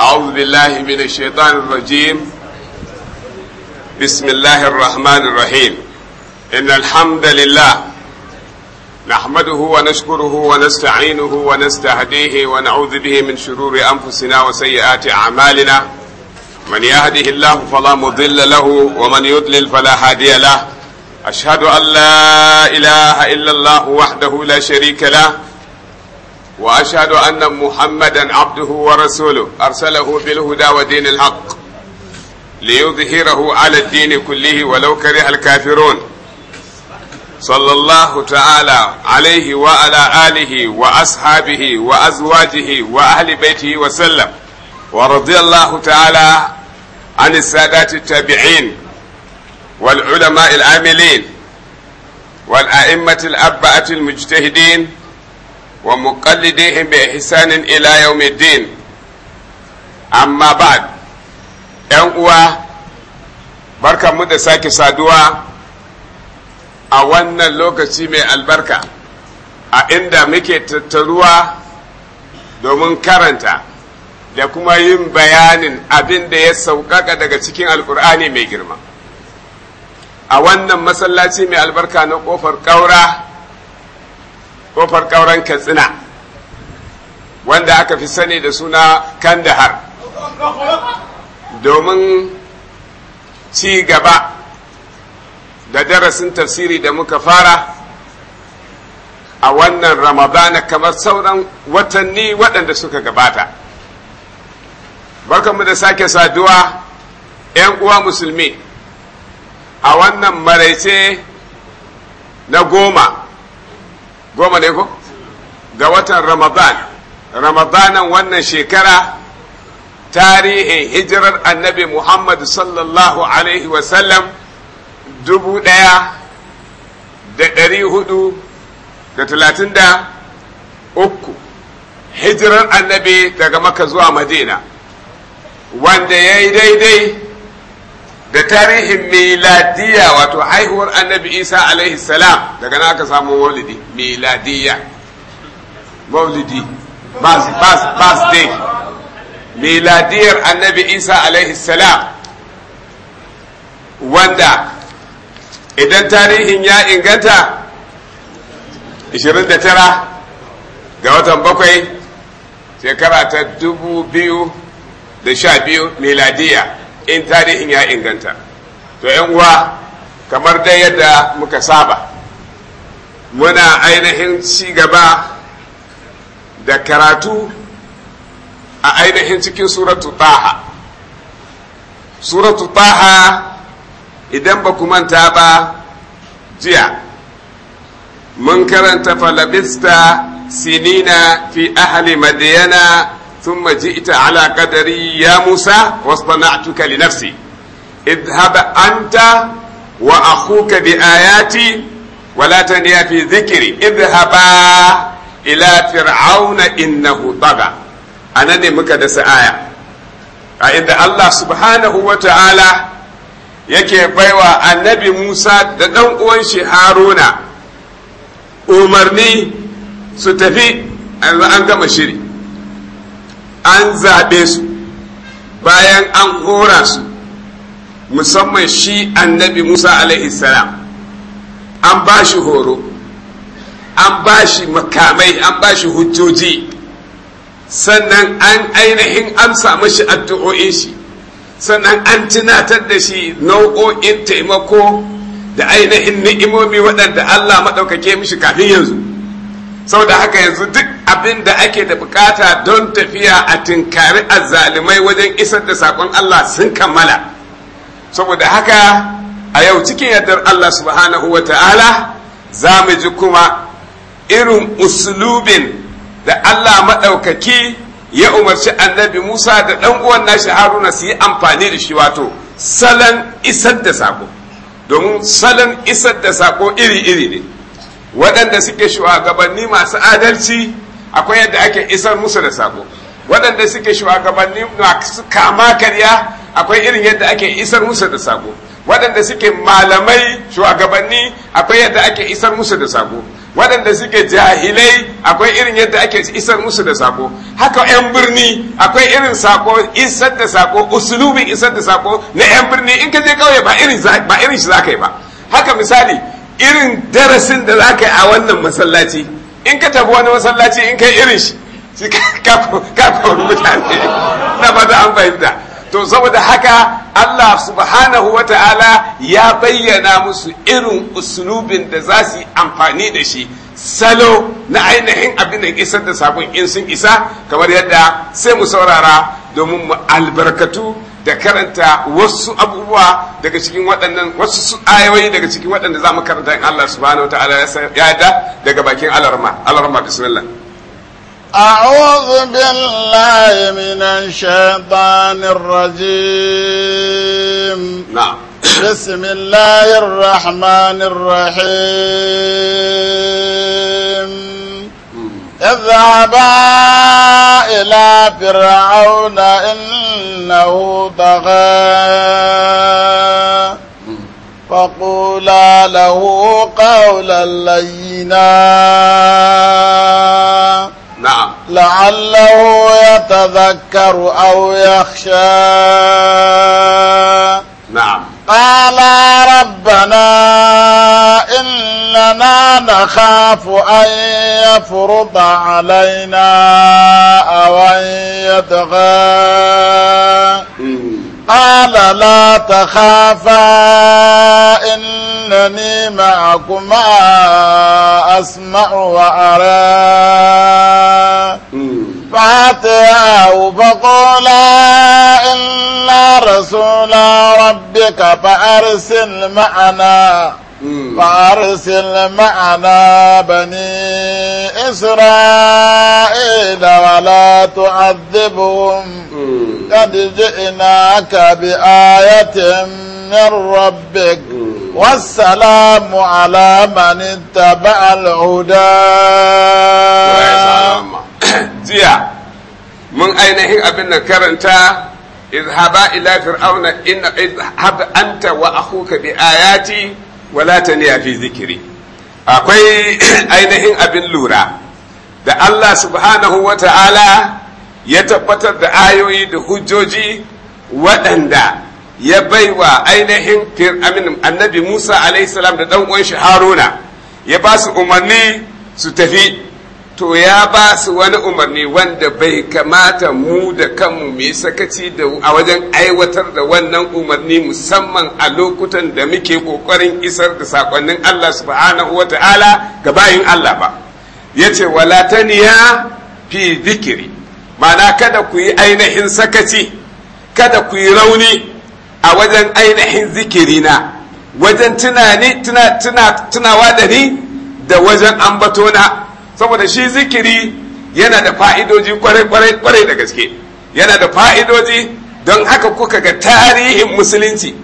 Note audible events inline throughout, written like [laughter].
أعوذ بالله من الشيطان الرجيم بسم الله الرحمن الرحيم إن الحمد لله نحمده ونشكره ونستعينه ونستهديه ونعوذ به من شرور أنفسنا وسيئات أعمالنا من يهده الله فلا مضل له ومن يضلل فلا هادي له أشهد أن لا إله إلا الله وحده لا شريك له وأشهد أن محمدا عبده ورسوله أرسله بالهدى ودين الحق ليظهره على الدين كله ولو كره الكافرون صلى الله تعالى عليه وعلى آله وأصحابه وأزواجه وأهل بيته وسلم ورضي الله تعالى عن السادات التابعين والعلماء العاملين والأئمة الأربعة المجتهدين ومقلديهم بإحسان إلى يوم الدين amma بعد ‘yan uwa barka mu da sake saduwa a wannan lokaci mai albarka a inda muke tattaruwa domin karanta da kuma yin bayanin abin da ya sauƙaƙa daga cikin alƙur'ani mai girma a wannan masallaci mai albarka na ƙofar ƙaura kofar ƙauren katsina wanda aka fi sani da suna kandahar domin ci gaba da darasin tafsiri da muka fara a wannan ramadana kamar sauran watanni waɗanda suka gabata barkanmu da sake saduwa 'yan uwa musulmi a wannan maraice na goma goma ne ko ga watan ramadan ramadanan wannan shekara tarihin hijirar annabi muhammad sallallahu alaihi wasallam dubu daya da dari hudu da talatin da uku hijirar annabi daga maka zuwa madina wanda ya yi daidai da tarihin miladiya wato haihuwar annabi isa alaihi salam daga na aka samu maulidi miladiya maulidi birthday miladiyar annabi isa alaihi salam wanda idan tarihin ya inganta 29 ga watan bakwai shekara ta 2012 miladiya in tarihin ya inganta to yan uwa kamar dai yadda muka saba muna ainihin ci gaba da karatu a ainihin cikin suratu taha suratu taha idan ba ku manta ba jiya mun karanta falabista sinina fi ahali madiyana ثم جئت على قدري يا موسى واصطنعتك لنفسي اذهب أنت وأخوك بآياتي ولا تنيا في ذكري اذهبا إلى فرعون إنه طغى أنا نمك دس آية عند الله سبحانه وتعالى yake baiwa annabi Musa da ɗan uwan shi Haruna umarni su tafi an gama shiri an zaɓe su bayan an hora su musamman shi annabi musa alaihi salam an ba shi horo an ba shi makamai an ba shi hujjoji sannan an ainihin amsa mashi addu'o'in shi sannan an tunatar da shi nau'o'in taimako da ainihin ni'imomi waɗanda allah maɗaukake mishi kafin yanzu sau da haka yanzu duk abin da ake da bukata don tafiya a tinkari azzalimai wajen isar da sakon Allah sun kammala saboda haka a yau cikin yardar Allah subhanahu wa ta'ala za mu ji kuma irin uslubin da Allah maɗaukaki ya umarci annabi Musa da ɗan uwan nashi Haruna su yi amfani da shi wato salon isar da sako domin salon isar da sako iri-iri ne waɗanda suke shugabanni masu adalci akwai yadda ake isar musu da sako waɗanda suke shugabanni masu kama karya akwai irin yadda ake isar musu da sako waɗanda suke malamai shugabanni akwai yadda ake isar musu da sako waɗanda suke jahilai akwai irin yadda ake isar musu da sako haka 'yan birni akwai irin sako isar da sako usulubin isar da sako na 'yan birni in ka je kauye ba irin shi za ka yi ba haka misali irin darasin da za ka yi a wannan masallaci in ka tafi wani masallaci in ka irin shi shi ka kawar mutane na ba an fahimta to saboda haka Allah subhanahu wa ta'ala ya bayyana musu irin usulubin da za su amfani da shi salo na ainihin abin da isar da sabon in sun isa kamar yadda sai mu saurara domin mu albarkatu da karanta wasu abubuwa daga cikin waɗannan wasu ayoyi daga cikin waɗanda za mu karanta in Allah subhanahu wa ta'ala ya yada daga bakin alarma alarma bismillah a'udhu billahi من الشيطان rajim na'am bismillahir rahmanir rahim اذهبا إلى فرعون إنه طغى فقولا له قولا لينا نعم لعله يتذكر أو يخشى نعم قالا ربنا إننا نخاف أن يفرض علينا أو أن يتغى قال لا تخافا إنني معكما أسمع وأرى فاتعه فقولا إنا رسول ربك فأرسل معنا فأرسل معنا بني إسرائيل ولا تعذبهم قد جئناك بآية من ربك والسلام على من اتبع الهدى [coughs] jiya mun ainihin abin da karanta izhaba ila fir'auna inna izhab anta wa akhuka bi ayati wa la taniya fi zikri akwai [coughs] ainihin abin lura da Allah subhanahu wa ta'ala ya tabbatar da ayoyi da hujjoji waɗanda ya baiwa ainihin fir'amin annabi Musa alaihi salam da dan uwan shi Haruna ya ba su umarni su tafi to ya ba su wani umarni wanda bai kamata mu da kanmu mu sakaci da a wajen aiwatar da wannan umarni musamman a lokutan da muke kokarin isar da sakonnin Allah subhanahu wa ta'ala ga bayin Allah ba ya ce walataniya fi zikiri ma'ana kada ku yi ainihin sakaci kada ku yi rauni a wajen ainihin zikirina wajen tunani tunawa da ni da wajen ambatona saboda shi zikiri yana da fa'idoji kwarai-kwarai da gaske yana da fa'idoji don haka kuka ga tarihin musulunci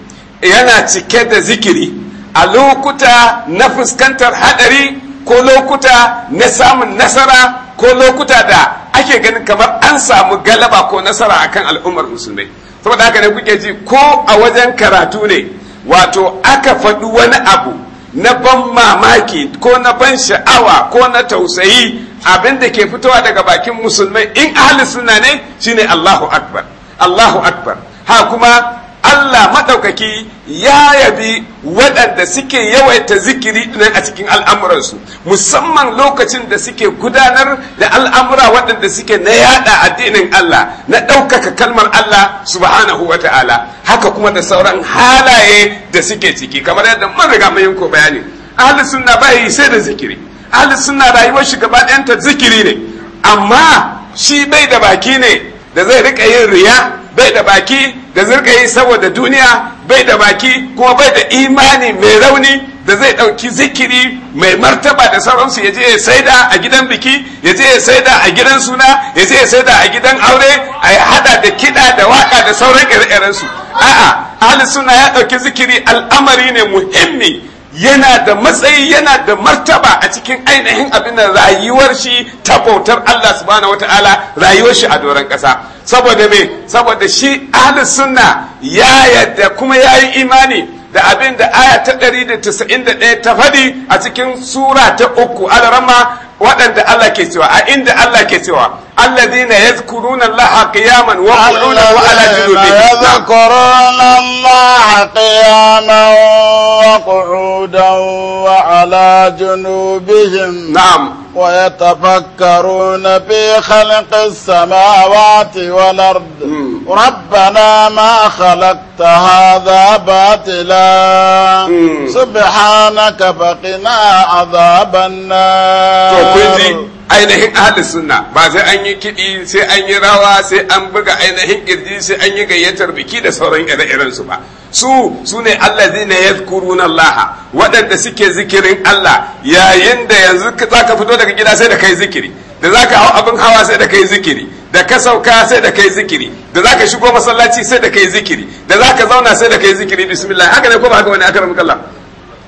yana cike da zikiri a lokuta na fuskantar hadari ko lokuta na samun nasara ko lokuta da ake ganin kamar an samu galaba ko nasara akan al'ummar musulmai saboda haka ne kuke ji ko a wajen karatu ne wato aka faɗi wani abu na ban mamaki ko na ban sha'awa ko na tausayi abin da ke fitowa daga bakin musulmai in ahli sunna ne shine Allahu akbar Allahu akbar ha kuma Allah maɗaukaki ya yabi waɗanda suke yawaita zikiri nan a cikin al'amuransu musamman lokacin da suke gudanar da al'amura waɗanda suke na yada addinin Allah na ɗaukaka kalmar Allah subhanahu wa ta'ala haka kuma da sauran halaye da suke ciki kamar yadda mun riga mun yanko bayani ahli sunna yi sai da zikiri ahli sunna rayuwar shi gaba ɗayanta zikiri ne amma shi bai da baki ne da zai riƙa yin riya bai da baki da zirgayi saboda duniya bai da baki kuma bai da imani mai rauni da zai ɗauki zikiri mai martaba da sauransu ya je ya saida a gidan biki ya je ya saida a gidan suna ya je ya saida a gidan aure a ya hada da kiɗa da waka da sauran ire-irensu a'a ahli suna ya ɗauki zikiri al'amari ne muhimmi yana da matsayi yana da martaba a cikin ainihin abin rayuwar shi ta bautar Allah subhanahu wataala rayuwar shi a doron ƙasa saboda me saboda shi ahli sunna ya yadda kuma yayi imani da abin da aya ta 191 ta faɗi a cikin sura ta uku alarama waɗanda Allah ke cewa a inda Allah ke cewa الذين يذكرون الله قياما وقعودا وعلى جنوبهم نعم. يذكرون الله قياما وقعودا وعلى جنوبهم نعم ويتفكرون في خلق السماوات والأرض مم. ربنا ما خلقت هذا باطلا سبحانك فقنا عذاب النار ainihin ahli sunna ba sai an yi kiɗi sai an yi rawa sai an buga ainihin kirji sai an yi gayyatar biki da sauran ire-iren su ba su su ne allazina yadhkuruna allaha waɗanda suke zikirin Allah yayin da yanzu za ka fito daga gida sai da kai zikiri da za ka hau abin hawa sai da kai zikiri da ka sauka sai da kai zikiri da za ka shigo masallaci sai da kai zikiri da za ka zauna sai da kai zikiri bismillah haka ne ko ba haka wani akaramukallah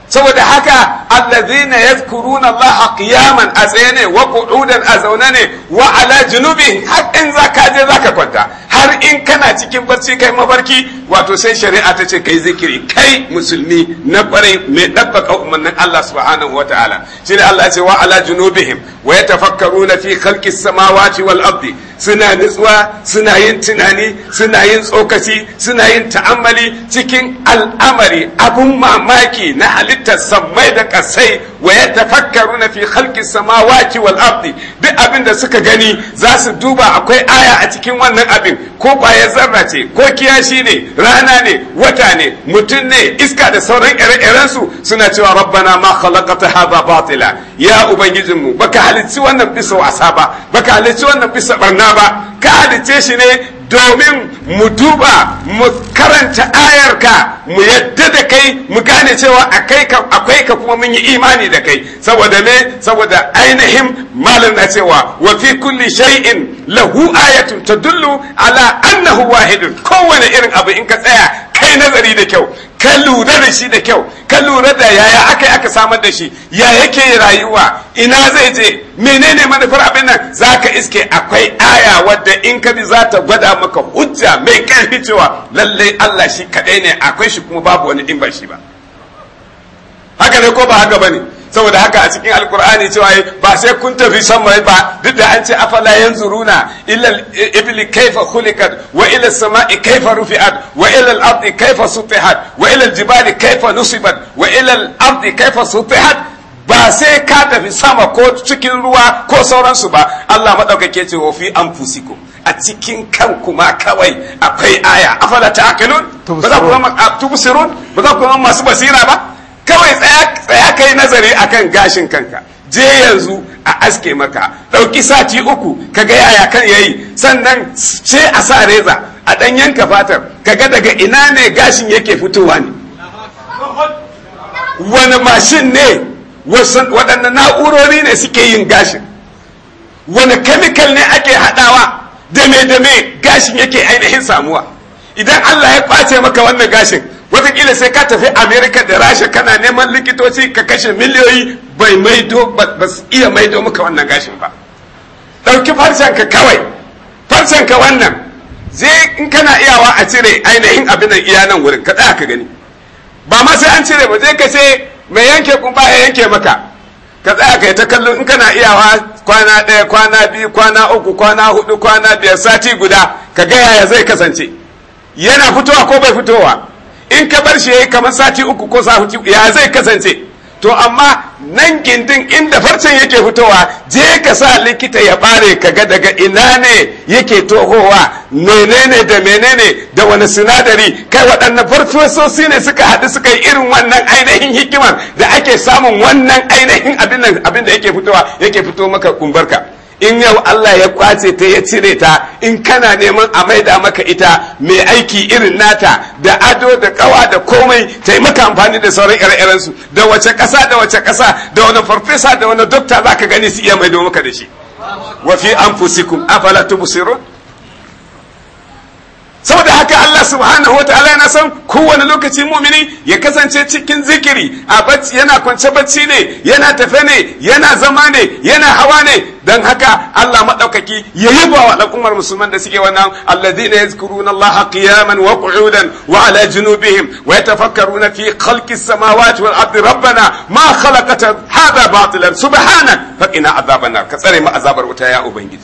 saboda haka allazina yadhkuruna allaha qiyaman a tsaye ne wa qu'udan a zaune ne wa ala junubi har in zaka je zaka kwanta har in kana cikin barci kai mafarki wato sai shari'a ta ce kai zikiri kai musulmi na kwarai mai dabbaka umarnin Allah subhanahu wa ta'ala shi Allah ce wa ala junubihim wa yatafakkaruna fi khalqis samawati wal ardi suna nutsuwa suna yin tunani suna yin tsokaci suna yin ta'ammali cikin al'amari abun mamaki na halitta halittar sammai da kasai wa ya tafakkaru na fi halki samawaki wal abdi duk abin da suka gani za su duba akwai aya a cikin wannan abin ko kwaya zarra ce ko kiyashi ne rana ne wata ne mutum ne iska da sauran ire-iren su suna cewa rabbana ma khalaqata hadha batila ya mu baka halicci wannan bisa wasa ba baka halicci wannan bisa barna ba ka halicce shi ne domin mu duba mu karanta ayar ka mu yadda da kai mu gane cewa akwai ka kuma mun yi imani da kai saboda me saboda ainihin malam na cewa wa fi kulli shay'in lahu ayatun tadullu ala annahu wahidun kowane irin abu in ka tsaya kai nazari da kyau ka lura da shi da kyau ka lura da yaya aka yi aka samar da shi ya yake rayuwa ina zai je menene manufar abin nan za ka iske akwai aya wadda in ka bi za ta gwada maka hujja mai karfi cewa lallai Allah shi kadai ne akwai shi kuma babu wani in ba shi ba haka ne ko ba haka ba ne. saboda haka a cikin alkur'ani cewa ba sai kun tafi sama ba duk da an ce afala yanzuruna illa ibli kaifa khuliqat wa ila samai kaifa rufi'at wa ila al-ardi kaifa sutihat wa ila al-jibali kaifa nusibat wa ila al-ardi kaifa sutihat ba sai ka tafi sama ko cikin ruwa ko sauransu ba Allah madaukake ce wa fi anfusikum a cikin kan kuma kawai akwai aya afala ta'qilun ba za ku ba za ku masu basira ba kawai tsaya kai nazari akan gashin kanka je yanzu a aske maka ɗauki sati uku ka ga yaya kan yayi sannan ce a sa reza a ɗan yanka fatar ka ga daga ina ne gashin yake fitowa ne wani mashin ne waɗanda na'urori ne suke yin gashin wani kemikal ne ake haɗawa dame-dame gashin yake ainihin samuwa idan allah ya kwace maka wannan gashin watakila sai ka tafi amerika da rasha kana neman likitoci ka kashe miliyoyi bai maido ba su iya maido maka wannan gashin ba ɗauki farcenka kawai farcenka wannan zai in kana iyawa a cire ainihin abin nan iya nan wurin ka ka gani ba ma sai an cire ba zai ka ce mai yanke kumfa ya yanke maka ka tsaya ka yi ta kallon in kana iyawa kwana ɗaya kwana biyu kwana uku kwana hudu kwana biyar sati guda ka gaya ya zai kasance yana fitowa ko bai fitowa in ka bar shi ya yi kamar sati uku ko sa ya zai kasance to amma nan gindin inda farcen yake fitowa je ka sa likita ya bare ka ga daga ina ne yake tohowa menene da menene da wani sinadari kai waɗannan farfesosi ne suka haɗu suka yi irin wannan ainihin hikimar da ake samun wannan ainihin abin da yake fitowa yake fito maka kumbarka in yau Allah ya kwace ta ya cire ta in kana neman a maida maka ita mai aiki irin nata da ado da kawa da komai ta yi maka amfani da sauran ire-iren da wace kasa da wace kasa da wani farfesa da wani dokta za ka gani su iya maido maka da shi wa fi anfusikum afala saboda haka Allah subhanahu wa ta'ala yana son kowane lokaci mumini ya kasance cikin zikiri a bacci yana kwance bacci ne yana tafe ne yana zama ne yana hawa ne dan haka Allah madaukaki ya yaba wa al'ummar musulman da suke wannan alladhina yazkuruna Allah qiyaman wa qu'udan wa ala junubihim wa yatafakkaruna fi khalqi samawati wal ardi rabbana ma khalaqta hadha batilan subhanak faqina azaban nar ka tsare mu azabar wuta ya ubangiji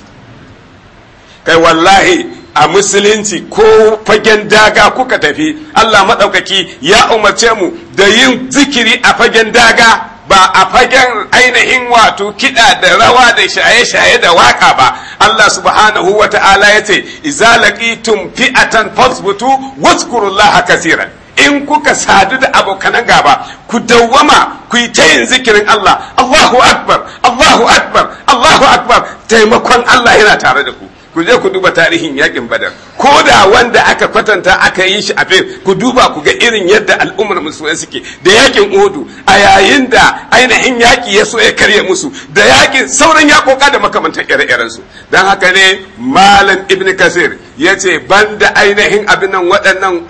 kai wallahi a musulunci ko fagen daga kuka tafi Allah maɗaukaki ya umarce mu da yin zikiri a fagen daga ba a fagen ainihin wato kiɗa da rawa da shaye-shaye da waka ba Allah subhanahu wa ta'ala ya ce iza laqitum fi'atan fasbutu wazkurullaha kaseeran in kuka sadu da abokanan gaba ku dawwama ku yi ta yin zikirin Allah Allahu akbar Allahu akbar Allahu akbar taimakon Allah yana tare da ku ku je ku duba tarihin yakin badar ko da wanda aka kwatanta aka yi shi a fim ku duba ku ga irin yadda al'ummar musulmai suke da yakin odu a yayin da ainihin yaki ya so ya karye musu da yakin sauran yakoka da makamantan ire-irensu don haka ne malam ibn kasir ya ce ban da ainihin abin waɗannan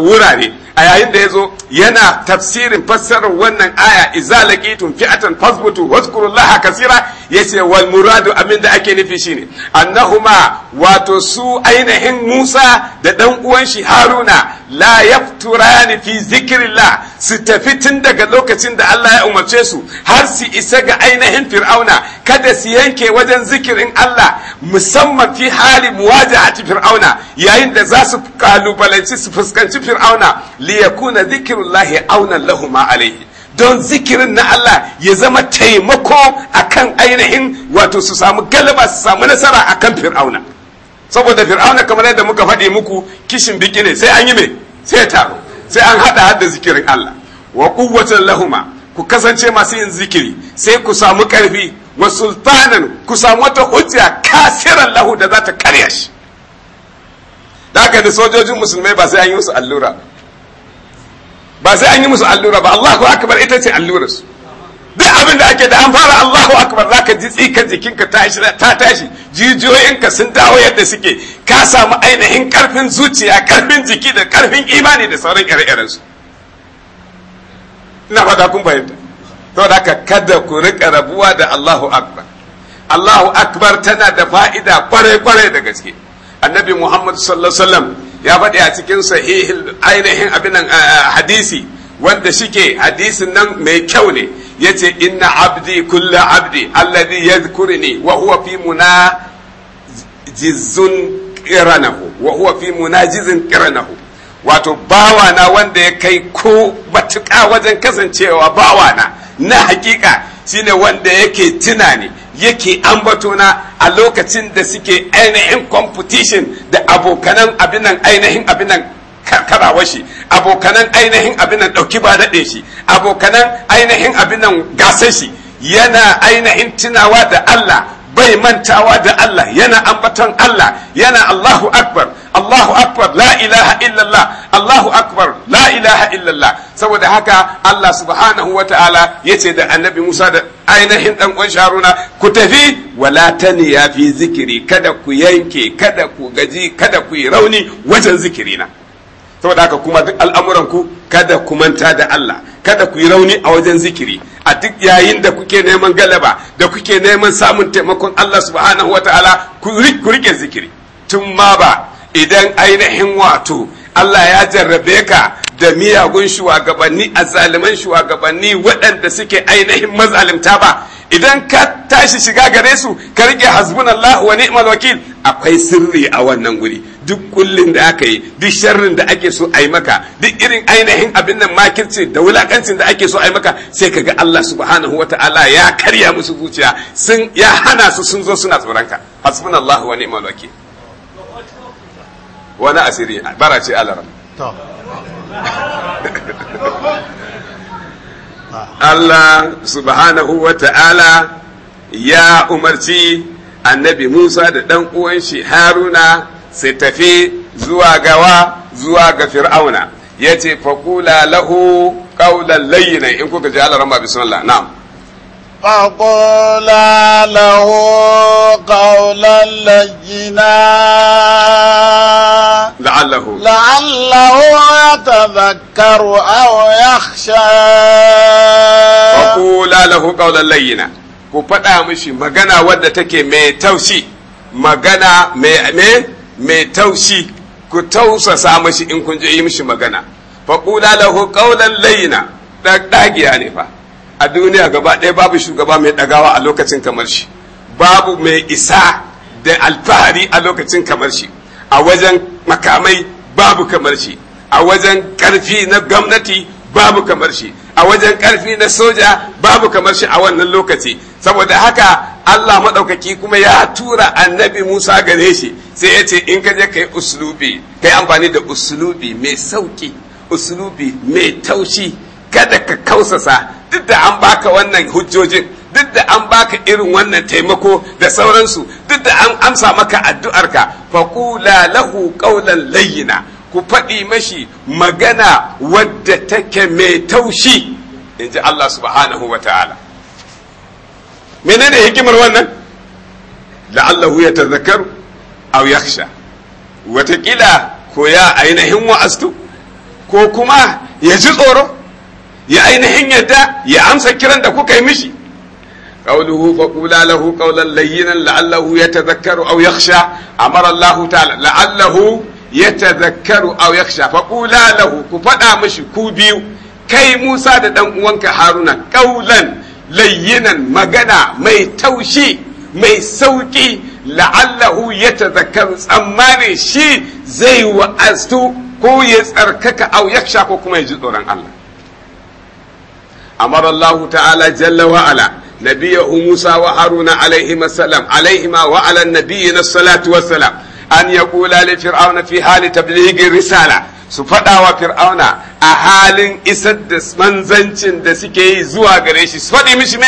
wurare a yayin da ya zo yana tafsirin fassarar wannan aya izalaki tun fi'atan fasbutu laha kasira Ya ce wal muradu abin da ake nufi shine annahuma wato su ainihin Musa da ɗan uwan shi Haruna la yafturani fi zikrillah su tafi tun daga lokacin da Allah ya umarce su har su isa ga ainihin fir'auna kada su yanke wajen zikirin Allah musamman fi hali muwajahati fir'auna yayin da za su kalubalanci su fuskanci fir'auna li yakuna zikrullahi auna lahuma alaihi don zikirin na Allah ya zama taimako akan ainihin wato su samu galaba su samu nasara akan fir'auna saboda fir'auna kamar yadda muka faɗi muku kishin biki ne sai an yi me sai taro sai an haɗa hadda zikirin Allah wa quwwatan lahuma ku kasance masu yin zikiri sai ku samu ƙarfi wa sultanan ku samu wata hujja kasiran lahu da za ta karya shi da da sojojin musulmai ba sai an yi musu allura ba sai an yi musu allura ba Allahu akbar ita ce allurarsu duk abin da ake da an fara Allahu akbar za ka ji tsikan jikinka ta tashi jijiyoyinka sun dawo yadda suke ka samu ainihin karfin zuciya karfin jiki da karfin imani da sauran ire-iren su ina fata kun fahimta to da ka kada ku rika rabuwa da Allahu akbar Allahu akbar tana da fa'ida kwarai-kwarai da gaske annabi Muhammad sallallahu alaihi wasallam ya faɗi a cikin sahihin ainihin abin eh, hadisi wanda shike hadisin nan mai kyau ne yace inna abdi kullu abdi alladhi yadhkuruni wa huwa fi munajizun qiranahu wa huwa fi munajizin qiranahu wato bawana wanda ya kai ko matuƙa wajen kasancewa bawana na hakika shine wanda yake tunani yake na a lokacin da suke ainihin competition da abokanan abinan ainihin abinan karawashi abokanan ainihin abin nan ɗauki ba daɗe shi abokanan ainihin abin nan gasar shi yana ainihin tunawa da Allah bai mantawa da Allah yana ambaton Allah yana Allahu Akbar Allahu Akbar la ilaha illallah Allahu Akbar la ilaha illallah saboda haka Allah subhanahu wa ta'ala yace da annabi Musa da ainihin dan uwan Sharuna ku tafi wala taniya fi zikiri kada ku yanke kada ku gaji kada ku yi rauni wajen zikirina saboda haka kuma duk al'amuran ku kada ku manta da Allah kada ku yi rauni a wajen zikiri a duk yayin da kuke neman galaba da kuke neman samun taimakon Allah subhanahu wataala ku rike zikiri tun ma ba idan ainihin wato Allah ya jarrabe ka da miyagun shugabanni a zaliman shugabanni waɗanda suke ainihin mazalimta ba idan ka tashi shiga gare su ka rike hasbunallahu wa ni'mal wakil akwai sirri a wannan guri duk kullin da aka yi duk sharrin da ake so a yi maka duk irin ainihin abin nan makirci da wulakancin da ake so a yi maka sai ka ga Allah subhanahu wa ta'ala ya karya musu zuciya sun ya hana su sun zo suna tsoron ka hasbunallahu wa ni'mal wakil wani asiri bara ce alaram Allah subhanahu wa ta'ala ya umarci annabi Musa da ɗan uwan shi Haruna sai tafi zuwa gawa zuwa ga fir'auna ya ce faƙula lahu ƙaunar layinan in kuka ji alaramba bisanallah na faƙula lahu ƙaunar layina la'allahu la'allahu ya tazakaru au ya faƙula lahu ƙaunar layina ku faɗa mashi magana wadda take mai tausi magana mai mai taushi ku tausasa mashi in kun je yi mishi magana kula lahu ƙaunar layina ɗagiya ne fa a duniya gaba ɗaya babu shugaba mai ɗagawa a lokacin kamar shi babu mai isa da alfahari a lokacin kamar shi a wajen makamai babu kamar shi a wajen ƙarfi na gwamnati babu kamar shi a wajen ƙarfi na soja babu kamar shi a wannan lokaci saboda haka Allah maɗaukaki kuma ya tura annabi Musa gare shi sai ya ce in ka je ka yi uslubi ka yi amfani da uslubi mai sauki uslubi mai taushi kada ka kausasa duk da an baka wannan hujjojin duk da an baka irin wannan taimako da sauransu duk da an amsa maka addu'arka faƙula lahu ƙaunar layyina ku faɗi mashi magana wadda take mai taushi inji Allah subhanahu wa ta'ala menene hikimar wannan la'allahu ya aw yakhsha watakila ko ya ainihin wa'astu ko kuma ya ji tsoro ya ainihin yadda ya amsa kiran da kuka yi mishi قوله فقولا له قولا لينا لعله يتذكر او يخشى امر الله da dan uwanka Haruna qaulan layyinan magana mai taushi mai sauƙi la'allahu ya tazakar tsammani shi zai wa'astu ko ya tsarkaka au yaksha ko kuma ya ji tsoron Allah amara Allah ta'ala jalla wa'ala, ala nabiyahu Musa wa Haruna alaihima salam alaihima wa ala salatu wa an yaqula li fir'auna fi hali tablighi risala su faɗawa wa fir'auna a halin isar da manzancin da suke yi zuwa gare shi su faɗi mishi me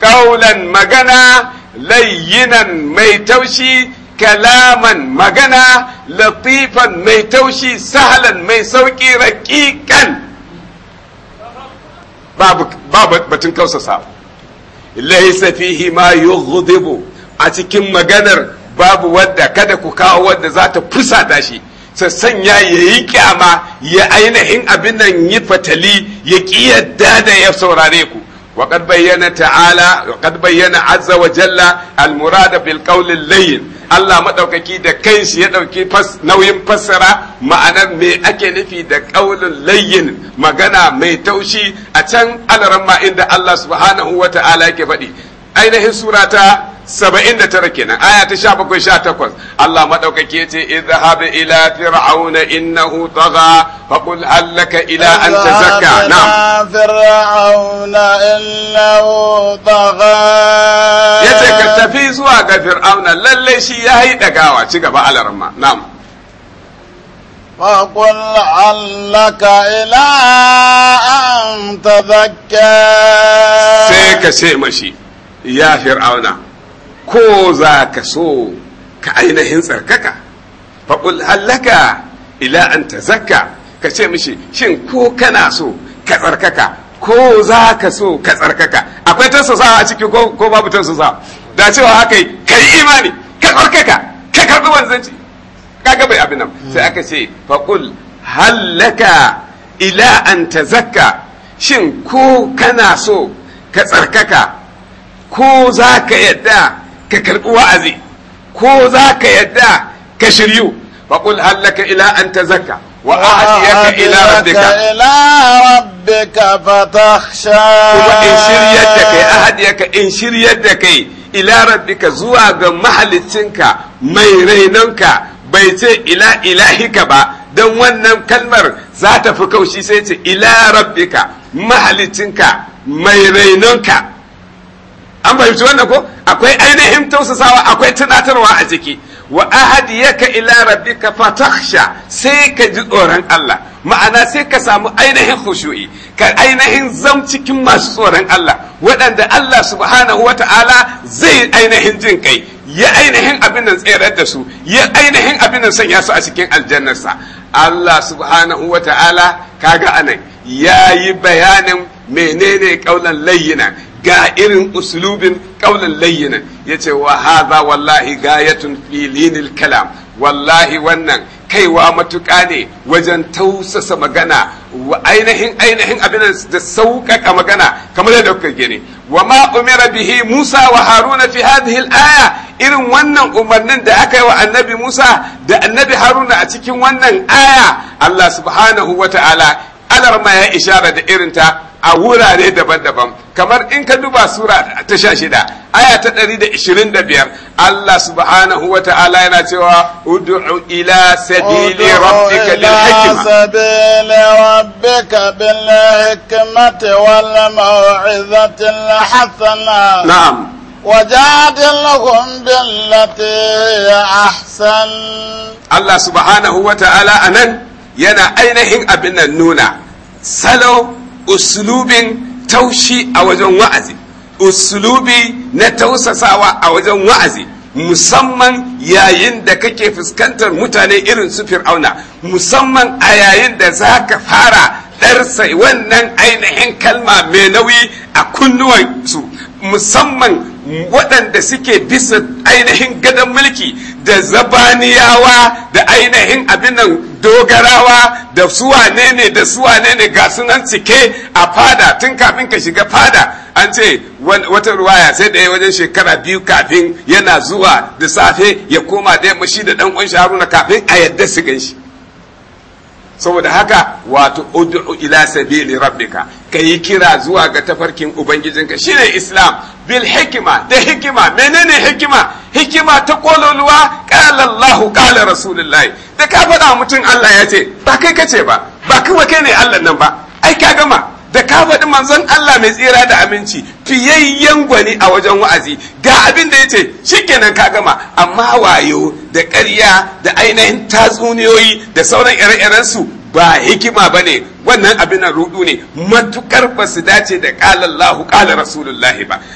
kaulan magana layyinan mai taushi kalaman magana latifan mai taushi sahalan mai sauƙi raƙiƙan babu batun kausasa laisa fihi ma yughdhibu a cikin maganar babu wadda kada ku kawo wadda za ta fusata shi sa sanya ya yi kyama ya ainihin abin nan yi fatali ya ƙiyadda da ya saurare ku وقد بين تعالى وقد بين عز وجل المراد بالقول اللين Allah maɗaukaki da kanshi ya ɗauki nauyin fassara ma'anar me ake nufi da ƙaunin layyin magana mai taushi a can alaran ma inda Allah subhanahu wa ta'ala yake faɗi ainihin surata 79 kenan aya ta 17 18 Allah madaukake yace idhhab ila fir'auna innahu tagha faqul hal laka ila an tazakka na'am fir'auna innahu tagha yace ka tafi zuwa ga fir'auna lallai shi yayi dagawa ci gaba alarma na'am فقل علك إلى أن تذكى سيك سيمشي يا فرعون ko za ka so ka ainihin tsarkaka faƙul hallaka ila an ta zakka ka ce mishi shin ko kana so ka tsarkaka ko za ka so ka tsarkaka akwai tausasawa a ciki ko babu tausasawa da cewa haka yi ka yi imani ka tsarkaka ka karɓi wanzanci ka gaba abin nan hmm. sai aka ce faƙul hallaka ila an ta zakka shin ko kana so ka tsarkaka ko za ka yadda ka karɓi wa'azi ko za ka yadda ka shiryu faƙul hallaka ila an ta zaka wa ahdiyaka ila rabbika ila rabbika fatakhsha kuma in shiryar da kai ahdiyaka in shiryar da kai ila rabbika zuwa ga mahalicinka mai rainonka bai ce ila ilahika ba don wannan kalmar za ta fi kaushi sai ce ila rabbika mahalicinka mai rainonka an fahimci wannan ko akwai ainihin tausasawa akwai tunatarwa a ciki wa ahadiyaka ila rabbika fatakhsha sai ka ji tsoron Allah ma'ana sai ka samu ainihin khushu'i ka ainihin zam cikin masu tsoron Allah waɗanda Allah subhanahu wata'ala zai ainihin jin kai ya ainihin abin nan tsayar da su ya ainihin abin nan sanya su a cikin aljannarsa Allah subhanahu wata'ala kaga anan yayi bayanin menene kaulan layyina ga irin uslubin ƙaunar layyina ya ce wa haza wallahi gayatun filinil kalam wallahi wannan kaiwa matuƙa ne wajen tausasa magana wa ainihin ainihin abin da sauƙaƙa magana kamar yadda kuka gani wa ma umira bihi Musa wa Haruna fi hadhihi aya irin wannan umarnin da aka yi wa annabi Musa da annabi Haruna a cikin wannan aya Allah subhanahu wa ta'ala alarma ya ishara da irinta a wurare daban-daban kamar in ka duba sura ta sha shida aya ta ɗari da ishirin da biyar Allah subhanahu wa ta'ala yana cewa ud'u ila sabili rabbika bil hikma sabili rabbika bil hikmati wal mau'izati al hasana na'am وجادلهم بالتي هي أحسن الله سبحانه وتعالى أنن yana ainihin abin nan nuna salo uslubin taushi a wajen wa'azi uslubi na tausasawa a wajen wa'azi musamman yayin da kake fuskantar mutane irin su fir'auna musamman a yayin da za ka fara ɗarsa wannan ainihin kalma mai nauyi a kunnuwansu musamman waɗanda suke bisa ainihin gadon mulki da zabaniyawa da ainihin abinan dogarawa da suwa ne da suwa ne ga sunan cike a fada tun kafin ka shiga fada an ce wata ruwaya sai da wajen shekara biyu kafin yana zuwa da safe ya koma da yamma shi da ɗan ƙunshi haruna kafin a yadda su gan shi saboda haka wato ud'u ila sabili rabbika kai kira zuwa ga tafarkin ubangijinka shine islam bil hikima da hikima menene hikima hikima ta kololuwa qala allah qala rasulullahi da ka faɗa mutum allah ya ce ba kai kace ba ba kai ne allah nan ba ai ka gama da ka faɗi manzon Allah mai tsira da aminci fiyayyen gwani a wajen wa'azi ga abin da ya ce shikenan ka gama amma wayo da ƙarya da ainihin tatsuniyoyi da sauran ire-irensu ba hikima ba ne wannan abin rudu ne matukar ba su dace da kalallahu Allah qala ba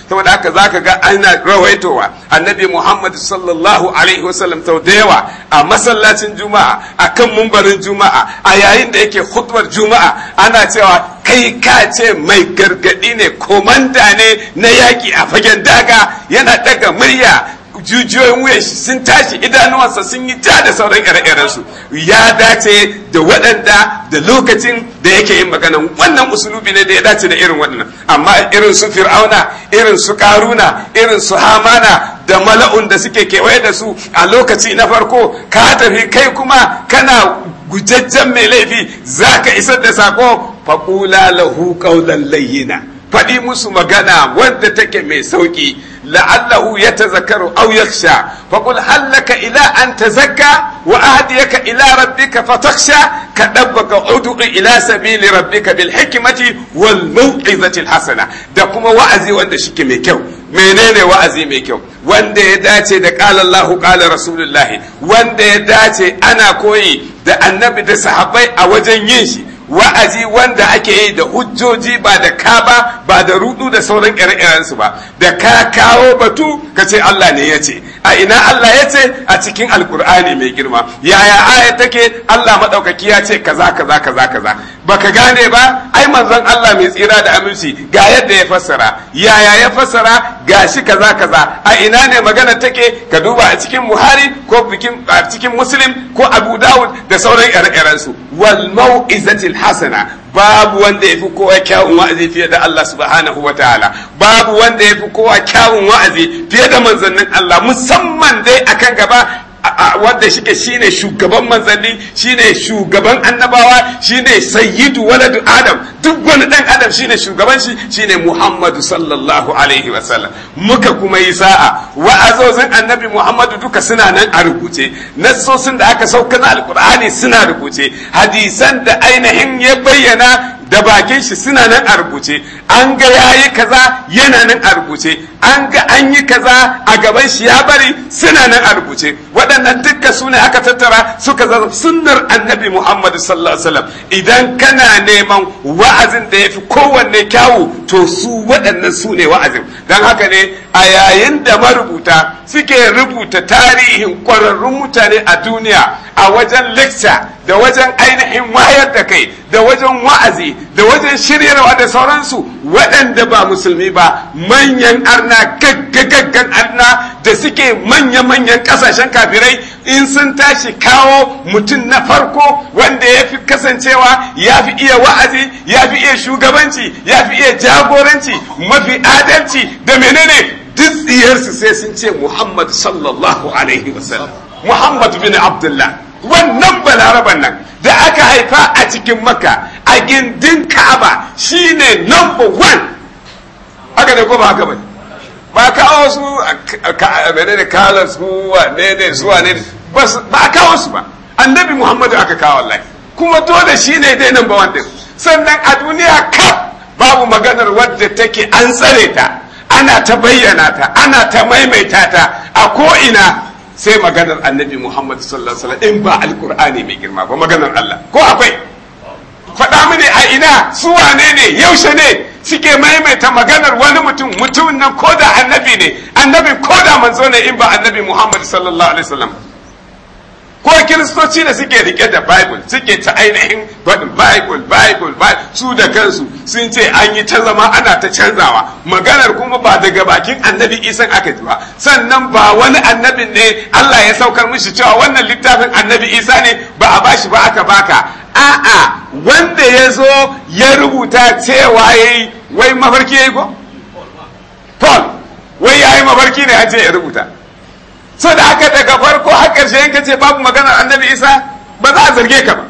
saboda haka ka ga ana rawaitowa annabi Muhammad sallallahu alaihi wasallam tau da yawa a masallacin juma'a a kan mumbarin juma'a a yayin da yake hutuwar juma'a ana cewa kai ka ce mai gargadi ne komanda ne na yaki a fagen daga yana daga murya jujiyoyin wuya shi sun tashi idanuwansa sun yi ja da sauran ire su ya dace da waɗanda da lokacin da yake yin magana wannan usulubi ne da ya dace da irin waɗannan amma irin su fir'auna irin su karuna irin su hamana da mala'un da suke kewaye da su a lokaci na farko ka tafi kai kuma kana gujajjen mai laifi za ka isar da sako faƙula lahu ƙaunar layyina faɗi musu magana wanda take mai sauƙi la'allahu ya tazakaru aw yakhsha faƙul hallaka ila an tazakka wa ahdiyaka ila rabbika fatakhsha ka dabbaka udu'i ila sabili rabbika bil hikmati wal maw'izati al hasana da kuma wa'azi wanda shike mai kyau menene wa'azi mai kyau wanda ya dace da qala Allahu qala rasulullahi wanda ya dace ana koyi da annabi da sahabbai a wajen yin shi wa'azi wanda ake yi da hujjoji ba da kaba ba da rudu da sauran ire su ba da ka kawo batu ka ce Allah ne ya ce a ina Allah ya ce a cikin alkur'ani mai girma yaya aya take Allah maɗaukaki ya ce kaza kaza kaza kaza baka gane ba ai manzon Allah mai tsira da aminci ga yadda ya fassara yaya ya fassara gashi kaza kaza a ina ne magana take ka duba a cikin Buhari ko bikin a cikin Muslim ko Abu Dawud da sauran ire-iren su wal mau'izatil hasana babu wanda yafi kowa kyawun wa'azi fiye da Allah subhanahu wa ta'ala babu wanda yafi kowa kyawun wa'azi fiye da manzannin Allah musamman dai akan gaba wanda shike shine shugaban manzanni shine shugaban annabawa shine sayyidu waladu adam duk wani dan adam shine shugaban shi shine muhammadu sallallahu alaihi wasallam muka kuma yi sa'a wa'azozin annabi muhammadu duka suna nan a rubuce nassosin da aka sauka na alkur'ani suna rubuce hadisan da ainihin ya bayyana da bakin shi suna nan a rubuce an ga yayi kaza yana nan a rubuce an ga an yi kaza a gaban shi ya bari suna nan a rubuce waɗannan dukkan su ne aka tattara suka zama sunnar annabi muhammad sallallahu alaihi wasallam idan kana neman wa'azin da yafi kowanne kyawu to su waɗannan su ne wa'azin don haka ne a yayin da marubuta suke rubuta tarihin ƙwararrun mutane a duniya a wajen lecture da wajen ainihin wayar da kai da wajen wa'azi da wajen shiryarwa da sauransu waɗanda ba musulmi ba manyan arna gaggagaggan arna da suke manya-manyan ƙasashen kafirai in sun tashi kawo mutum na farko wanda ya fi kasancewa ya fi iya wa'azi ya fi iya shugabanci ya fi iya jagoranci mafi adalci da menene duk tsiyarsu sai sun ce muhammad sallallahu alaihi muhammad bin abdullah wannan balaraban nan da aka haifa a cikin maka a gindin ka'aba shine number one haka ne ko ba haka bai ba kawo su menene kala su wane ne ne wane ne ba kawo su ba annabi muhammadu aka kawo wallahi kuma dole shine dai number one din sannan a duniya kaf babu maganar wadda take an tsare ta ana ta bayyana ta ana ta maimaita ta a ko'ina sai maganar annabi Muhammadu sallallahu alaihi wasallam in ba alkur'ani mai girma ba maganar allah ko akwai faɗa mini a ina su wane ne yaushe ne suke maimaita maganar wani mutum mutum nan ko da annabi ne annabi ko da manzo ne in ba annabi muhammad sallallahu alaihi wasallam ko kiristoci da suke rike da bible suke ta ainihin bible bible bible su da kansu sun ce an yi ta zama ana ta canzawa maganar kuma ba daga bakin annabi isa aka ji ba sannan ba wani annabi ne allah ya saukar mishi cewa wannan littafin annabi isa ne ba a bashi ba aka baka a'a wanda ya zo ya rubuta cewa ya yi wai mafarki ya yi ko paul wai ya yi mafarki ne a ce ya rubuta so da haka daga farko har ƙarshe yanka ce babu maganar annabi isa ba za a zarge ka ba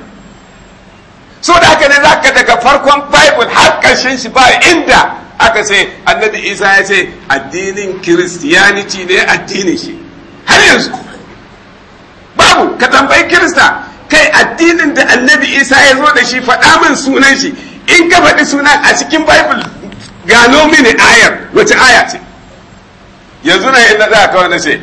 so da haka ne za ka daga farkon bible har ƙarshen shi ba inda aka ce annabi isa ya ce addinin kiristiyaniti ne addinin shi har yanzu babu ka tambayi kirista kai addinin da annabi isa ya zo da shi faɗa min sunan shi in ka faɗi sunan a cikin bible gano mini ayar wace aya ce yanzu na yi na za ka wani ce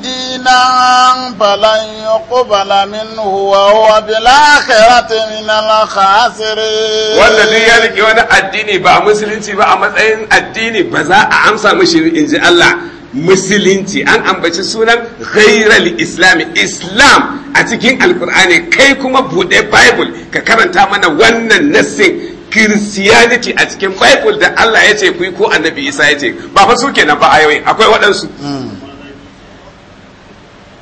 دينا فلن يقبل منه وهو بالآخرة من الخاسرين wanda duk ya rike wani addini ba musulunci ba a matsayin addini ba za a amsa mishi in ji Allah musulunci an ambaci sunan ghairal islam islam a cikin alkur'ani kai kuma buɗe bible ka karanta mana wannan nassin christianity a cikin bible da Allah ya ce ku ko annabi isa ya ce ba fa su nan ba ayoyi akwai waɗansu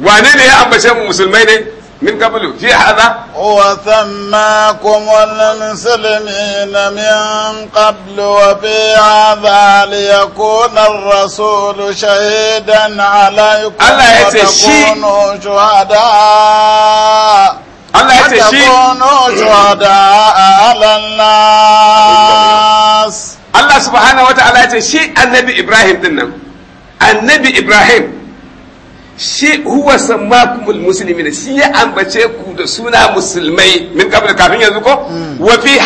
wane ne ya ambace mu musulmai ne min qablu fi hadha wa thammakum al-muslimin min qablu wa fi hadha liyakuna ar-rasulu shahidan alaykum Allah ya ce shi shuhada Allah ya ce shi ala Allah subhanahu wa ta'ala ya ce shi annabi Ibrahim din nan annabi Ibrahim shi huwa sammakumul muslimin shi ya ambace ku da suna musulmai min kafin kafin yanzu ko hmm. wa fi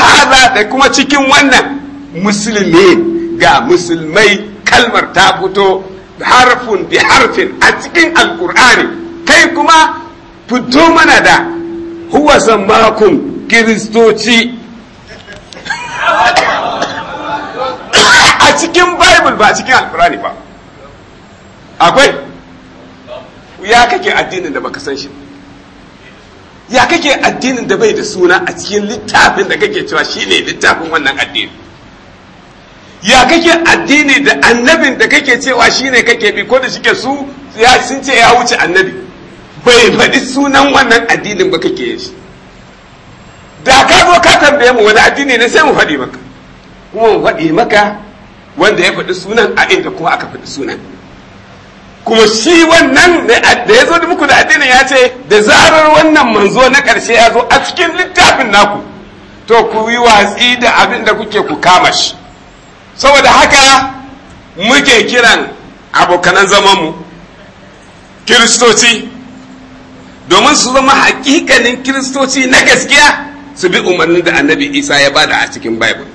da kuma cikin wannan musulmi ga musulmai kalmar ta fito harfin bi harfin a cikin alkur'ani kai kuma fito mana da huwa sammakum kiristoci [coughs] a cikin bible ba cikin alkur'ani ba akwai ya kake addinin da baka san shi ya kake addinin da bai da suna a cikin littafin da kake cewa shine littafin wannan addini ya kake addini da annabin da kake cewa shine kake bi ko da shike su ya sun ce ya wuce annabi bai faɗi sunan wannan addinin ba kake yi. shi da ka zo ka tambaye mu wani addini ne sai mu faɗi maka kuma mu faɗi maka wanda ya faɗi sunan a inda kuma aka faɗi sunan kuma shi wannan da ya zo da muku da addinin ya ce da zarar wannan manzo na ƙarshe ya zo a cikin littafin naku to ku yi watsi da abin da kuke ku kama shi saboda haka muke kiran abokanan mu kiristoci domin su zama hakikanin kiristoci na gaskiya su bi umarnin da annabi isa ya bada a cikin bible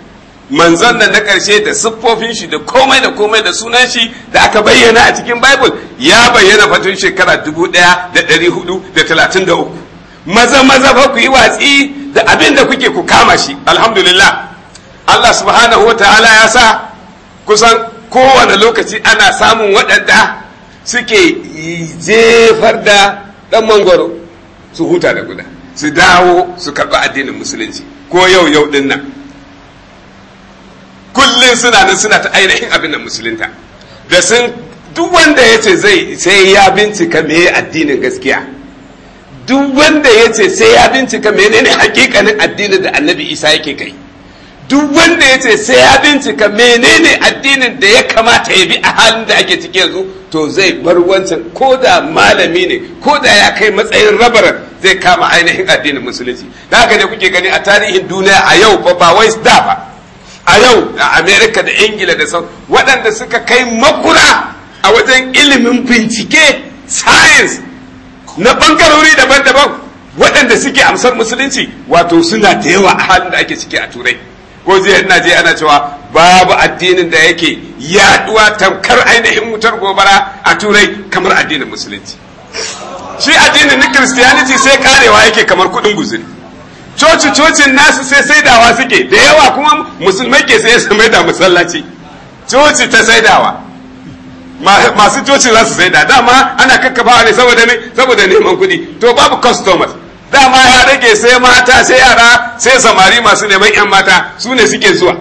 manzon nan na ƙarshe da siffofin shi da komai da komai da sunan shi da aka bayyana a cikin bible ya bayyana fatun shekara dubu ɗaya da ɗari hudu da talatin da uku maza maza fa ku yi watsi da abin da kuke ku kama shi alhamdulillah allah subhanahu wa ta'ala ya sa kusan kowane lokaci ana samun waɗanda suke jefar da ɗan mangoro su huta da guda su dawo su karɓi addinin musulunci ko yau yau ɗin kullum suna nan suna ta ainihin abin da musulunta da sun duk wanda ya ce zai sai ya bincika me addinin gaskiya duk wanda ya ce sai ya bincika menene hakikanin addinin da annabi isa yake kai duk wanda ya ce sai ya bincika menene addinin da ya kamata ya bi a halin da ake ciki yanzu to zai bar wancan ko da malami ne ko da ya kai matsayin rabarar zai kama ainihin addinin musulunci da haka ne kuke gani a tarihin duniya a yau ba wai da ba a yau a amerika da ingila da sau waɗanda suka kai makura a wajen ilimin bincike science na bangarori daban-daban waɗanda suke amsar musulunci wato suna da yawa a halin da ake ciki a turai ko jiya ina je ana cewa babu addinin da yake yaduwa tamkar ainihin wutar gobara a turai kamar addinin musulunci shi addinin na christianity sai karewa yake kamar kudin guzuri coci cocin nasu sai saidawa suke da yawa kuma musulmai ke sai su da masallaci coci ta saidawa masu cocin za su saida dama ana kakkafawa ne saboda ne saboda neman kuɗi to babu customers dama ya rage sai mata sai yara sai samari masu neman yan mata su ne suke zuwa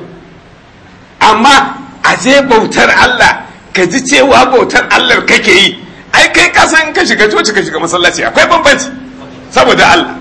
amma a je bautar Allah ka ji cewa bautar Allah kake yi ai kai kasan ka shiga coci ka shiga masallaci akwai bambanci saboda Allah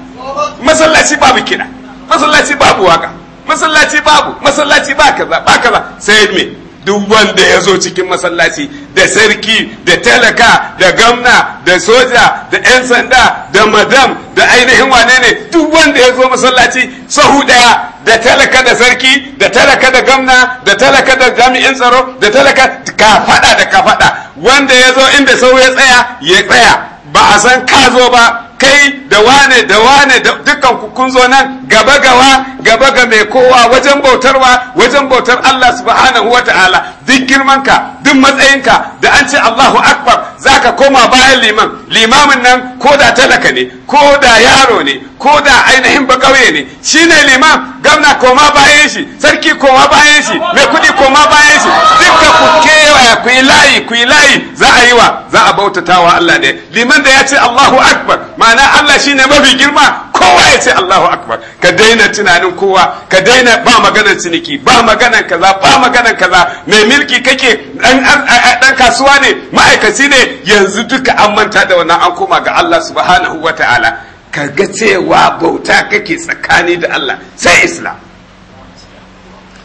masallaci babu kiɗa masallaci babu waka masallaci babu masallaci ba kaza ba kaza sai me duk wanda ya zo cikin masallaci da sarki da talaka da gamna da soja da 'yan sanda da madam da ainihin wane ne duk wanda ya zo masallaci sahu daya da talaka da sarki da talaka da gamna da talaka da jami'in tsaro da talaka ka fada da ka fada wanda ya zo inda sahu ya tsaya ya tsaya ba a san ka zo ba kai da wane da wane dukkan kun zo nan gaba gawa gaba ga mai kowa wajen bautarwa wajen bautar Allah subhanahu wa ta'ala duk girmanka duk matsayinka da an ce Allahu akbar zaka koma bayan liman limamin nan ko da talaka ne ko da yaro ne ko da ainihin ba ƙauye ne shine liman gamna koma bayan shi sarki koma bayan shi mai kudi koma bayan shi dukkan ku ke ku yi layi ku yi layi za a yi wa za a wa Allah ne liman da ya ce Allahu akbar ma'ana Allah shi ne mafi girma kowa ya ce Allahu akbar ka daina tunanin kowa ka daina ba maganar ciniki ba maganar kaza ba maganar kaza mai milki kake dan kasuwa ne ma'aikaci ne yanzu duka an manta da wannan an koma ga Allah subhanahu wataala ka ga cewa bauta kake tsakani da Allah sai Islam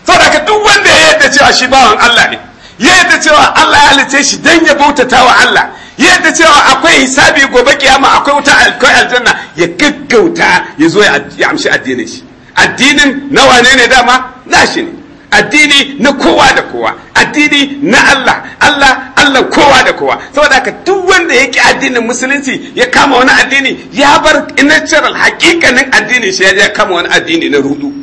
saboda duk wanda ya yadda cewa shi bawan Allah ne ya yadda cewa Allah ya halice shi dan ya bautata wa Allah ya yadda cewa akwai hisabi gobe kiyama akwai wuta akwai aljanna ya gaggauta ya zo ya amshi addinin shi addinin na wane ne dama nashi ne addini na kowa da kowa addini na Allah Allah Allah kowa da kowa saboda haka duk wanda yake addinin musulunci ya kama wani addini ya bar natural hakikanin addini shi ya kama wani addini na rudu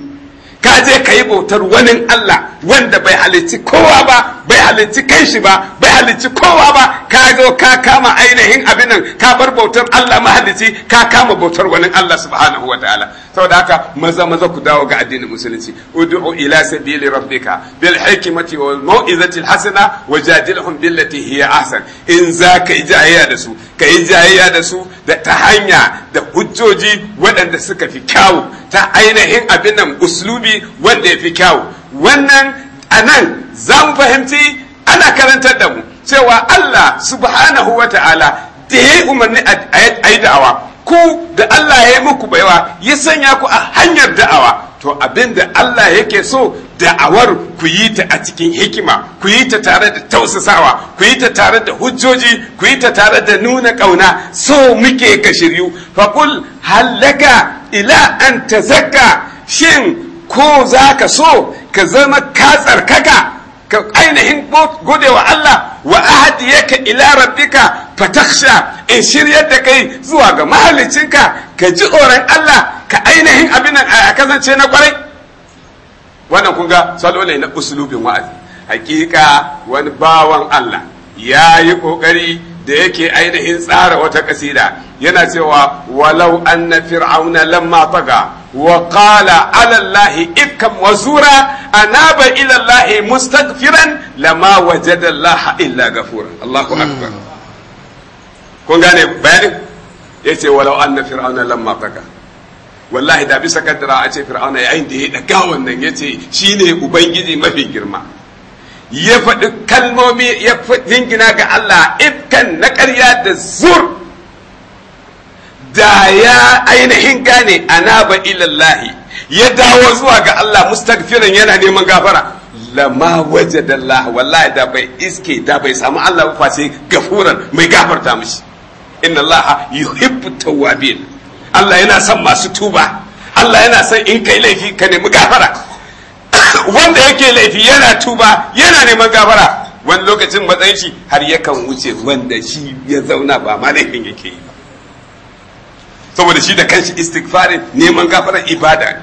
ka je ka yi bautar wani Allah wanda bai halici kowa ba bai halici shi ba bai halici kowa ba ka zo ka kama ainihin abin ka bar bautar Allah mahalici ka kama bautar wani Allah subhanahu ta'ala saboda haka maza maza ku dawo ga addinin musulunci ud'u ila sabili rabbika bil hikmati wal mau'izati al hasana wajadilhum billati hiya ahsan in za ka yi da su ka yi da su da ta hanya da hujjoji waɗanda suka fi kyawu ta ainihin abin nan uslubi wanda ya fi kyawu wannan a nan za mu fahimci ana karantar da mu cewa Allah subhanahu wa ta'ala da ya yi umarni a yi da'awa ku da Allah ya yi muku baiwa ya sanya ku a hanyar da'awa to abin da Allah yake so da'awar ku yi ta a cikin hikima ku yi ta tare da tausasawa ku yi ta tare da hujjoji ku yi ta tare da nuna ƙauna so muke ka shiryu faƙul hallaka ila an ta zaka shin ko za ka so ka zama ka tsarkaka ka ainihin gode wa Allah wa ahadi ka ila rabbika fatakhsha in shiryar da kai zuwa ga mahalicinka ka ji tsoron Allah ka ainihin abin nan a kasance na kwarai wannan kun ga salo ne na usulubin wa'azi hakika wani bawan Allah ya yi kokari da yake ainihin tsara wata kasida yana cewa walau anna fir'auna lamma taga wa qala ala allahi ikam wasura anaba ila allahi mustaghfiran lama wajada allah illa ghafura allahu hmm. akbar kun gane bayanin yace walau anna fir'auna lamma taga wallahi da bisa kaddara a ce fir'auna yayin da ya daga wannan ya ce shi ne ubangiji mafi girma ya faɗi kalmomi ya gina ga Allah ifkan na ƙarya da zur da ya ainihin gane anaba ilallahi ya dawo zuwa ga Allah mustaghfiran yana neman gafara lama da Allah wallahi da bai iske da bai samu Allah ba sai gafuran mai gafarta mishi inna Allah yuhibbu tawwabin Allah yana son masu tuba Allah yana son in kai laifi ka nemi gafara [coughs] wanda yake laifi yana tuba yana neman gafara wani lokacin matsayin shi har yakan wuce wanda shi ya zauna ba ma laifin yake yi ba saboda shi da kanshi istighfarin neman gafara ibada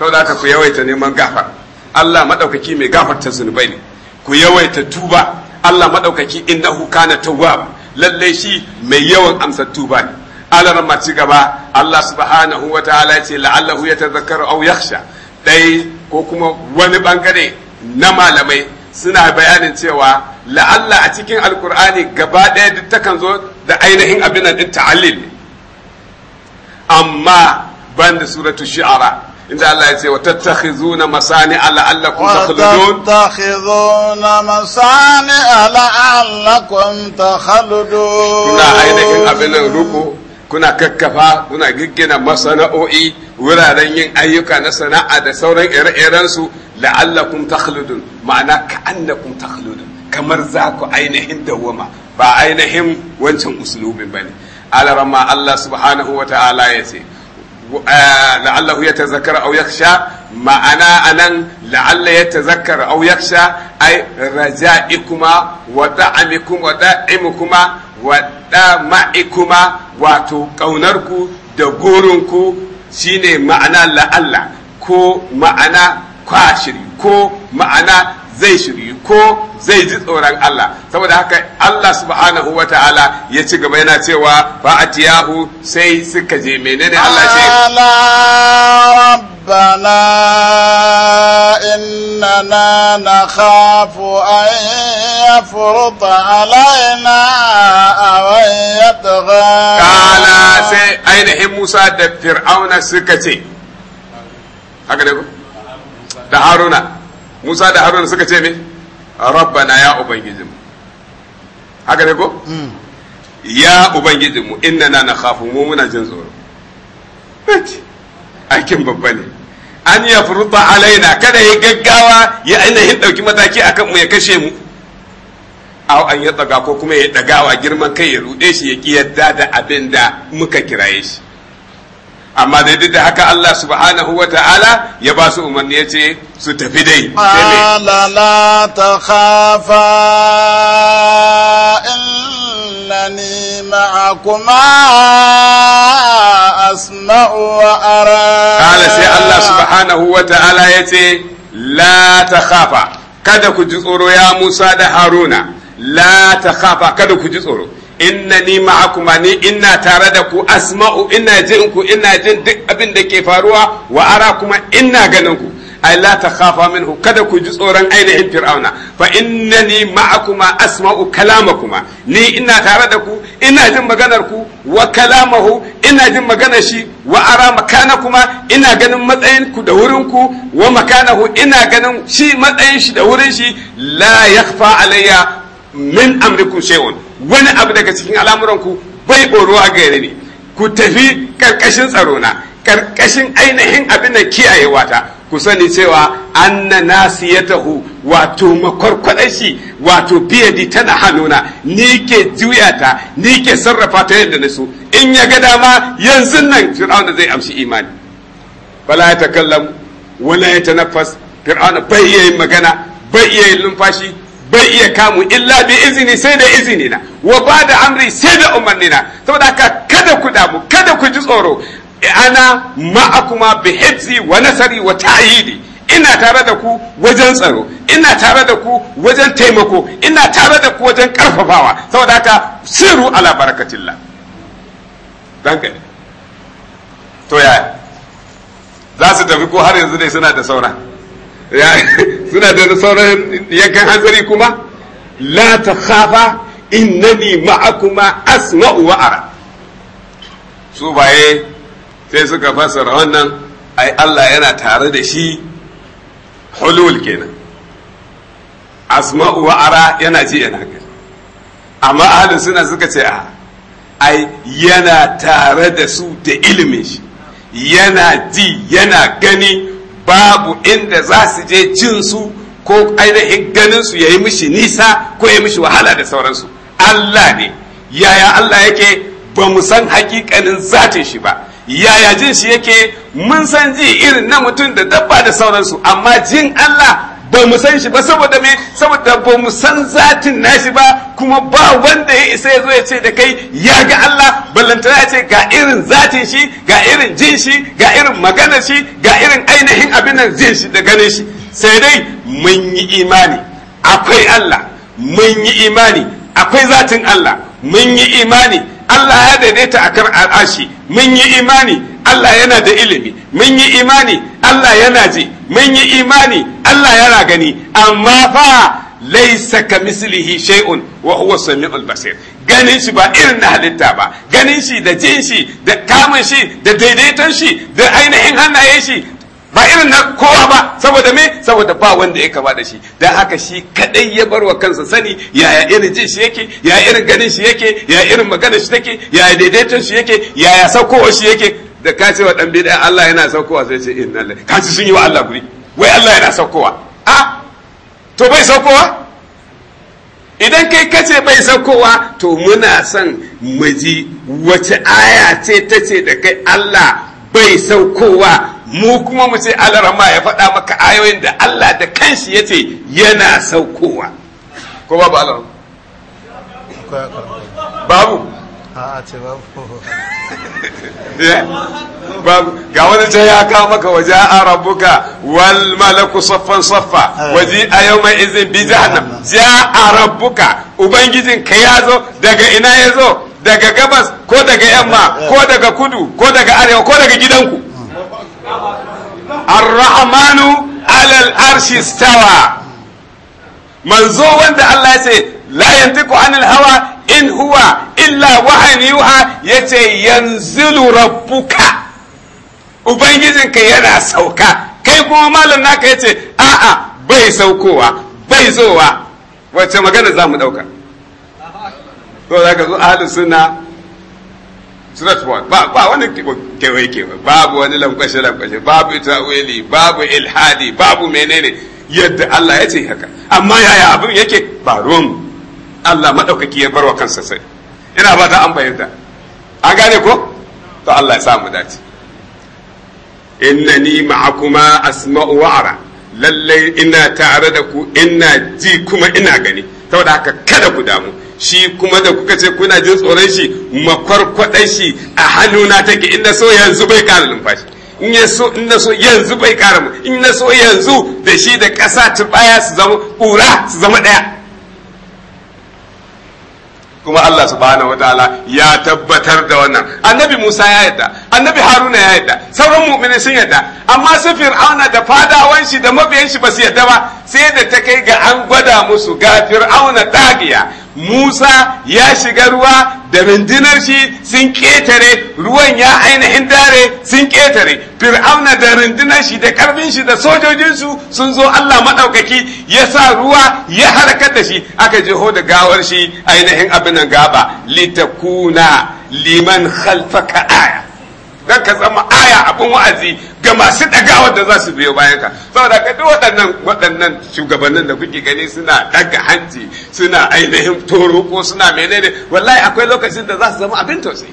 ne da haka ku yawaita neman gafara Allah madaukaki mai gafarta zunubai ne ku yawaita tuba Allah madaukaki innahu kana tawwab lalle shi mai yawan amsa tuba ne alarma ci gaba Allah subhanahu wa ta'ala ya ce la'allahu yatadhakkaru aw yakhsha dai ko kuma wani bangare na malamai suna bayanin cewa la'alla a cikin alkur'ani gaba ɗaya duk takan zo da ainihin abin din ta'allil amma ban da suratu shi'ara inda Allah ya ce wa tattakhizuna masani'a la'allakum takhludun tattakhizuna masani'a la'allakum takhludun kuna ainihin abin ruku kuna kakkafa kuna giggina masana'o'i wuraren yin ayyuka na sana'a da sauran ire-irensu la'allakum takhludun ma'ana ka'annakum takhludun kamar za ku ainihin dawwama ba ainihin wancan usulubin bane alarama Allah subhanahu wa ta'ala ya ce eh, la'allahu ya tazakkara aw yakhsha ma'ana anan la'alla ya tazakkara aw yakhsha ay raja'ikuma wa da'amikuma wa da'imukuma waɗa ma'ikuma wato ƙaunarku da gurinku shine ma'ana la'alla ko ma'ana kwashiri ko ma'ana zai shiri ko zai ji tsoron Allah saboda haka Allah subhanahu wa ta'ala ya ci gaba yana cewa fa'atiyahu sai suka je menene Allah ce ربنا إننا نخاف أن يفرط علينا أو أن يطغى قال سي أين موسى دا فرعون سكتي هكذا da haruna musa da haruna suka ce me rabbana ya ubangijinmu haka ne ko ya ubangijinmu inna na na khafu mu muna jin tsoro aikin babba ne an ya furuta alaina kada ya gaggawa ya ainihin ɗauki mataki a kanmu ya kashe mu aw an ya daga ko kuma ya dagawa girman kai ya ruɗe shi ya ƙi yadda da abin da muka kiraye shi amma dai duk da haka Allah subhanahu wa ta'ala ya ba su umarni ya ce su tafi dai la la khafa innani معكما أسمع وأرى قال سي الله سبحانه وتعالى يتي لا تخافا kada ku ji tsoro ya Musa da Haruna la ta kada ku ji tsoro inna ni ma'akuma ni ina tare da ku asma'u ina jin ku ina jin duk abin da ke faruwa wa ara kuma ina ganin ku ay la takhafa minhu kada ku ji tsoron ainihin fir'auna fa innani ma'akuma asma'u kalamakuma ni ina tare da ku ina jin maganar ku wa kalamahu ina jin maganar shi wa ara makanakuma ina ganin matsayin ku da wurin ku wa makanahu ina ganin shi matsayin shi da wurin shi la yakhfa alayya min amrikum shay'un wani abu daga cikin al'amuran ku bai oro a gare ni ku tafi karkashin tsaro na karkashin ainihin abin da kiyayewa ta ku sani cewa anna nasiyatahu wato makwarkwadar shi wato biyadi tana hannuna ni ke juya ta ni ke sarrafa ta yadda na so in ya ga dama yanzu nan fir'auna zai amshi imani bala ya ta takallamu wala ya nafas fir'auna bai iya magana bai iya numfashi bai iya kamu illa bi izini sai da izini na wa ba da amri sai da umarni na saboda haka kada ku damu kada ku ji tsoro ana ma'akuma bi hifzi wa nasari wa ta'yidi ina tare da ku wajen tsaro ina tare da ku wajen taimako ina tare da ku wajen karfafawa saboda haka siru ala barakatillah dan gani to ya za su tafi ko har yanzu dai suna da saura [laughs] suna da sauran yankan hanzari kuma la ta khafa innani ma'akuma asma'u wa ara su baye sai suka fassara wannan ai Allah yana tare da shi hulul kenan asma'u wa ara yana ji yana gani amma ahlus suna suka ce a ai yana tare da su da ilimin shi yana ji yana gani babu inda za su je cin su ko ainihin ganin su yayi mishi nisa ko ya mishi wahala da sauransu Allah ne yaya Allah yake ba mu san hakikanin zatin shi ba yaya jin shi yake mun san ji irin na mutum da dabba da sauransu amma jin Allah ba mu san shi ba saboda me saboda ba mu san zatin nashi ba kuma ba wanda ya isa ya zo ya ce da kai ya ga Allah ballantana ya ce ga irin zatin shi ga irin jin shi ga irin maganar shi ga irin ainihin abin nan jin shi da ganin shi sai dai mun yi imani akwai Allah mun yi imani akwai zatin Allah mun yi imani Allah ya daidaita a akan al'ashi mun yi imani Allah yana da ilimi mun yi imani Allah yana ji mun yi imani Allah yana gani amma fa laisa ka mislihi shay'un wa huwa samiul basir ganin shi ba irin na halitta ba ganin shi da jin shi da kamun shi da daidaiton shi da ainihin hannaye shi ba irin na kowa ba saboda me saboda ba wanda ya kama da shi dan haka shi kadai ya bar wa kansa sani yaya irin jin shi yake yaya irin ganin shi yake yaya irin magana shi take yaya daidaiton shi yake yaya saukowar shi yake da ka ce wa dan bid'a Allah yana saukowa sai ce inna lillahi ka ci sun yi wa Allah guri wai Allah yana saukowa a to bai saukowa idan kai kace bai saukowa to muna son mu ji wace aya ce tace da kai Allah bai saukowa mu kuma mu ce alarama ya faɗa maka ayoyin da Allah da kanshi ya ce yana saukowa ko babu alarama babu [laughs] babu ga wani can ya kawo maka waje a rabuka wal malaku saffan saffa eh. waje a yau mai izin bi jahannam ja a rabuka ubangijin ka ya zo daga ina ya zo daga gabas ko daga yamma eh. ko daga kudu ko daga arewa ko daga gidanku ar-rahmanu alal arshi stawa manzo wanda Allah ya ce la yantiku anil hawa in huwa illa wahan yuha yace yanzilu rabbuka ubangijinka yana sauka kai kuma malam naka yace a'a bai saukowa bai zowa wacce magana za mu dauka to zaka zo ahlus sunna that's one ba ba wani kewaye kewaye babu wani lankwashe lankwashe babu tawili babu ilhadi babu menene yadda Allah ya ce haka amma yaya abin yake ba ruwan Allah madaukaki ya barwa kansa sai ina ba ta an bayyana an gane ko to Allah ya sa mu dace innani ma'akuma asma'u wa'ara lallai ina tare da ku ina ji kuma ina gani saboda haka kada ku damu shi kuma da kuka ce kuna jin tsoron shi makwarkwaɗan shi a hannuna take in na so yanzu bai ƙara numfashi in ya so in na so yanzu bai ƙara mu in na so yanzu da shi da ƙasa ta baya su zama ƙura su zama ɗaya kuma Allah subhanahu wataala ya tabbatar da wannan annabi Musa ya yadda annabi haruna ya yadda sauran mu'mini sun yadda amma su fir'auna da fadawan shi da mabiyan shi ba su yadda ba sai da ta kai ga an gwada musu ga fir'auna dagiya musa ya shiga ruwa da rundunar shi sun ƙetare ruwan ya ainihin dare sun ƙetare fir'auna da rundunar shi da karfin shi da sojojinsu sun zo allah maɗaukaki ya sa ruwa ya harkar da shi aka jeho da gawar shi ainihin abin gaba litakuna liman khalfaka aya ka ka zama aya abin wa'azi ga masu ɗagawa da za su biyo bayan ka saboda ka duk waɗannan shugabannin da kuke gani suna ɗaga hanci suna ainihin toro ko suna menene wallahi akwai lokacin da za su zama abin tausayi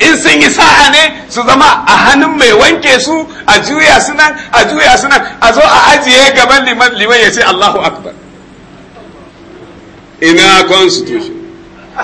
in sun yi sa'a ne su zama a hannun mai wanke su a juya su nan a juya su nan a zo a ajiye gaban liman liman ya ce Allahu akbar ina constitution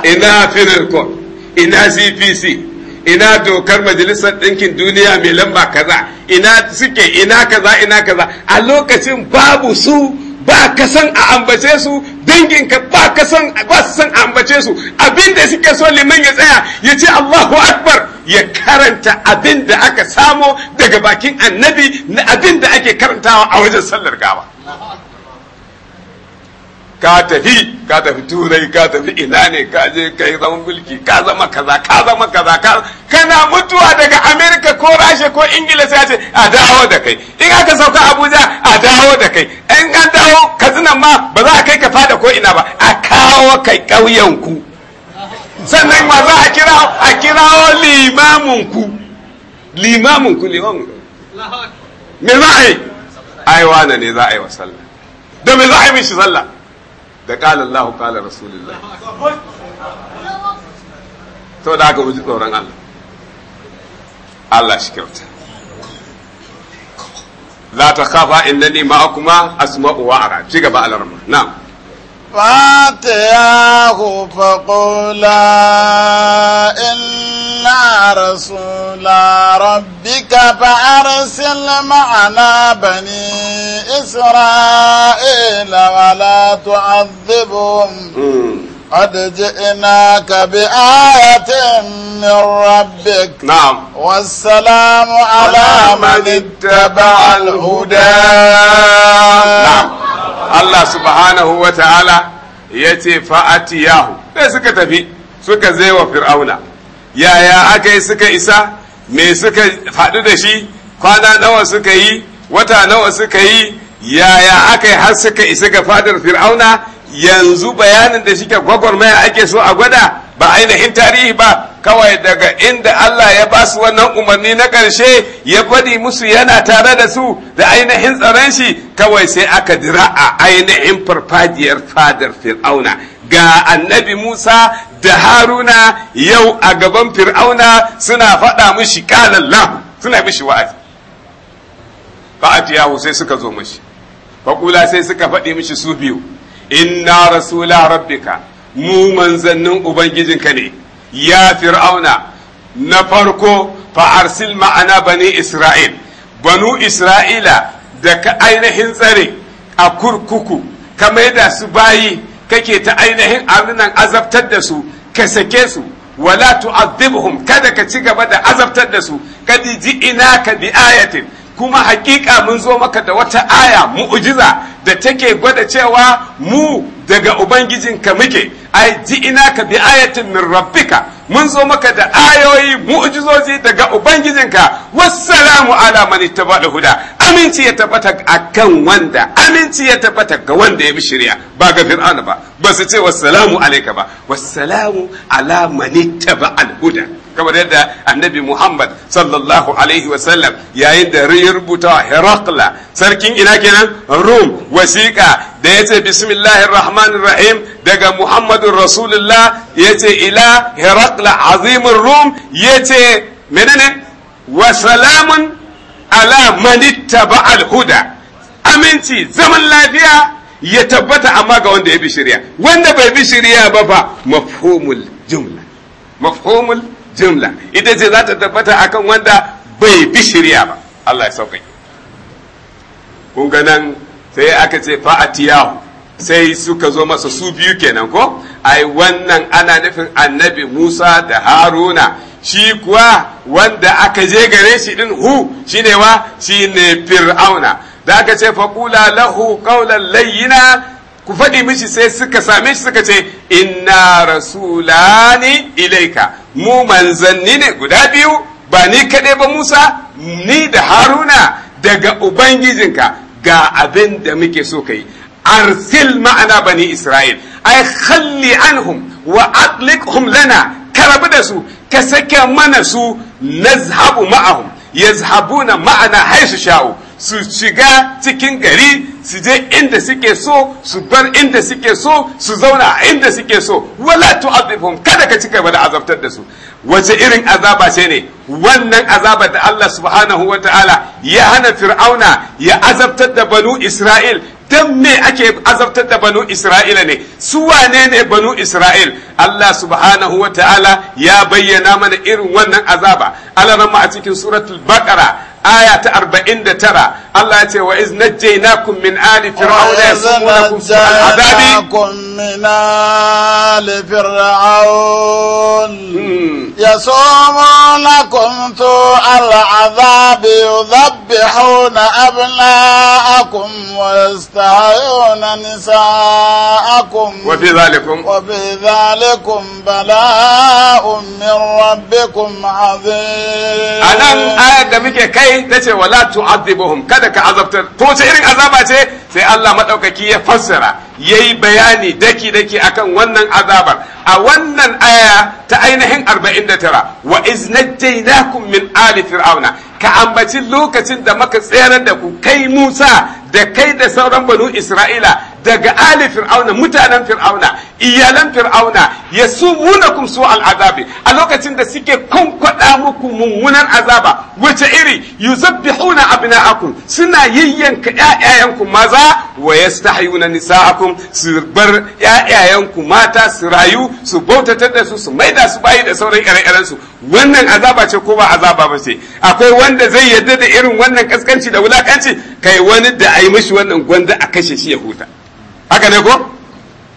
ina penal court ina cpc ina dokar majalisar ɗinkin duniya mai lamba kaza ina suke ina kaza ina kaza a lokacin babu su ba ka san a ambace su danginka ba ka san ba su san a ambace su abinda suke so liman ya tsaya ya ce Allahu Akbar ya karanta abin da aka samo daga bakin annabi na abin da ake karantawa a wajen sallar gawa ka tafi ka tafi turai ka tafi ina ne ka je ka yi zaman mulki ka zama kaza ka zama kaza ka kana mutuwa daga amerika ko rashe ko ingila sai ce a dawo da kai in aka sauka abuja a dawo da kai in an dawo katsina ma ba za a kai ka fada ko ina ba a kawo kai ƙauyenku sannan ma za a kira a kirawo limamunku limamunku limamunku ku me za a yi ai wane ne za a yi wa sallah da me za a yi mishi sallah da ƙalar Allah ƙalar Rasulullah to da aka wuji tsoron Allah Allah shi kyauta la ta kafa inda ne ma'akuma asma'u wa'ara ci gaba alarma na'am فاتياه فقولا إنا رسول ربك فأرسل معنا بني إسرائيل ولا تعذبهم قد جئناك بآية من ربك نعم والسلام على من اتبع الهدى نعم Allah subhanahu wa ta'ala ya ce fa'atiyahu sai suka tafi suka zai wa fir'auna yaya aka yi suka isa me suka faɗi da shi kwana nawa suka yi wata nawa suka yi yaya aka yi har suka isa ga fadar fir'auna yanzu bayanin da ke gwagwarmaya ake so a gwada ba ainihin tarihi ba kawai daga inda Allah ya ba su wannan umarni na ƙarshe ya faɗi musu yana tare da su da ainihin tsaron shi kawai sai aka dira a ainihin farfajiyar fadar fir'auna ga annabi Musa da Haruna yau a gaban fir'auna suna faɗa mishi kalallahu suna mishi wa'azi fa'atiyahu sai suka zo mishi faƙula sai suka faɗi mishi su biyu inna rasula rabbika mu manzannin ubangijinka ne ya fir'auna na farko fa'arsil ma'ana bani isra'il banu isra'ila da ka ainihin tsare a kurkuku ka maida su bayi kake ta ainihin abinan azabtar da su ka sake su wala tu'adhibhum kada ka ci gaba da azabtar da su ina ka bi ayatin kuma hakika mun zo maka da wata aya mu'jiza da take gwada cewa mu daga ubangijinka muke ai ji ina ka bi ayatin min rabbika mun zo maka da ayoyi mu'jizoji daga ubangijinka wassalamu ala man ittaba'a huda aminci ya tabbata akan wanda aminci ya tabbata ga wanda ya bi shari'a ba ga fir'auna ba ba su ce wassalamu alayka ba wassalamu ala man ittaba'a huda kamar yadda annabi Muhammad sallallahu alaihi wasallam yayin da ya rubuta Herakla sarkin ina kenan Rum wasiƙa da ya ce bismillahir rahmanir rahim daga muhammadun rasulullah ya ce ila herakla azimin rum ya ce menene wa salamun ala manitta ba'al huda aminci zaman lafiya ya tabbata amma ga wanda ya bi shirya wanda bai bi shirya ba fa mafhumul jumla mafhumul jumla ita ce za ta tabbata akan wanda bai bi shirya ba Allah ya sauƙaƙe kun ga nan sai aka ce fa'atiyahu sai suka zo masa su biyu kenan ko ai wannan ana nufin annabi musa da haruna shi kuwa wanda aka je gare shi din hu shine wa shine fir'auna da aka ce faƙula lahu ƙaunar layyina ku faɗi mishi sai suka same shi suka ce inna rasulani ilaika mu manzanni ne guda biyu ba ni kaɗai ba musa ni da haruna daga ubangijinka ga abin da muke so ka yi arsil ma'ana bani isra'il ai khalli anhum wa atliqhum lana karabu da su ka sake mana su nazhabu ma'ahum yazhabuna ma'ana haisu sha'u su shiga cikin gari su je inda suke so su bar inda suke so su zauna a inda suke so wala tu'adhibhum kada ka cika bada azabtar da su wace irin azaba ce ne wannan azaba da Allah subhanahu wa ta'ala ya hana fir'auna ya azabtar da banu isra'il dan me ake azabtar da banu isra'ila ne su wane ne banu isra'il Allah subhanahu wa ta'ala ya bayyana mana irin wannan azaba alarama a cikin suratul baqara aya ta 49 Allah ce wa iz najjaynakum min ali fir'auna yasumunakum su'al adabi min ali fir'aun hmm. yasumunakum su'al adabi yudhabbihuna abna'akum wa yastahiyuna nisa'akum wa fi dhalikum wa fi dhalikum rabbikum azim anan ayat da muke kai arba'in ta ce wala tu'adhibuhum kada ka azabtar ko wace irin azaba ce sai Allah madaukaki ya fassara yayi bayani daki daki akan wannan azabar a wannan aya ta ainihin 49 wa iznajjaynakum min ali fir'auna ka ambaci lokacin da maka tsayar da ku kai Musa da kai da sauran banu Isra'ila daga ali fir'auna mutanen fir'auna iyalan fir'auna ya su al'azabi a lokacin da suke kwada muku mummunan azaba wace iri yuzabbihuna akun suna yayyanka ƴaƴayanku maza wa ya nisa akun su bar ƴaƴayanku mata su rayu su bautatar da su su maida su bayi da sauran ire-iren wannan azaba ce ko ba azaba ba ce akwai wanda zai yarda da irin wannan kaskanci da wulakanci kai wani da a yi mishi wannan gwanda a kashe shi ya huta haka ne ko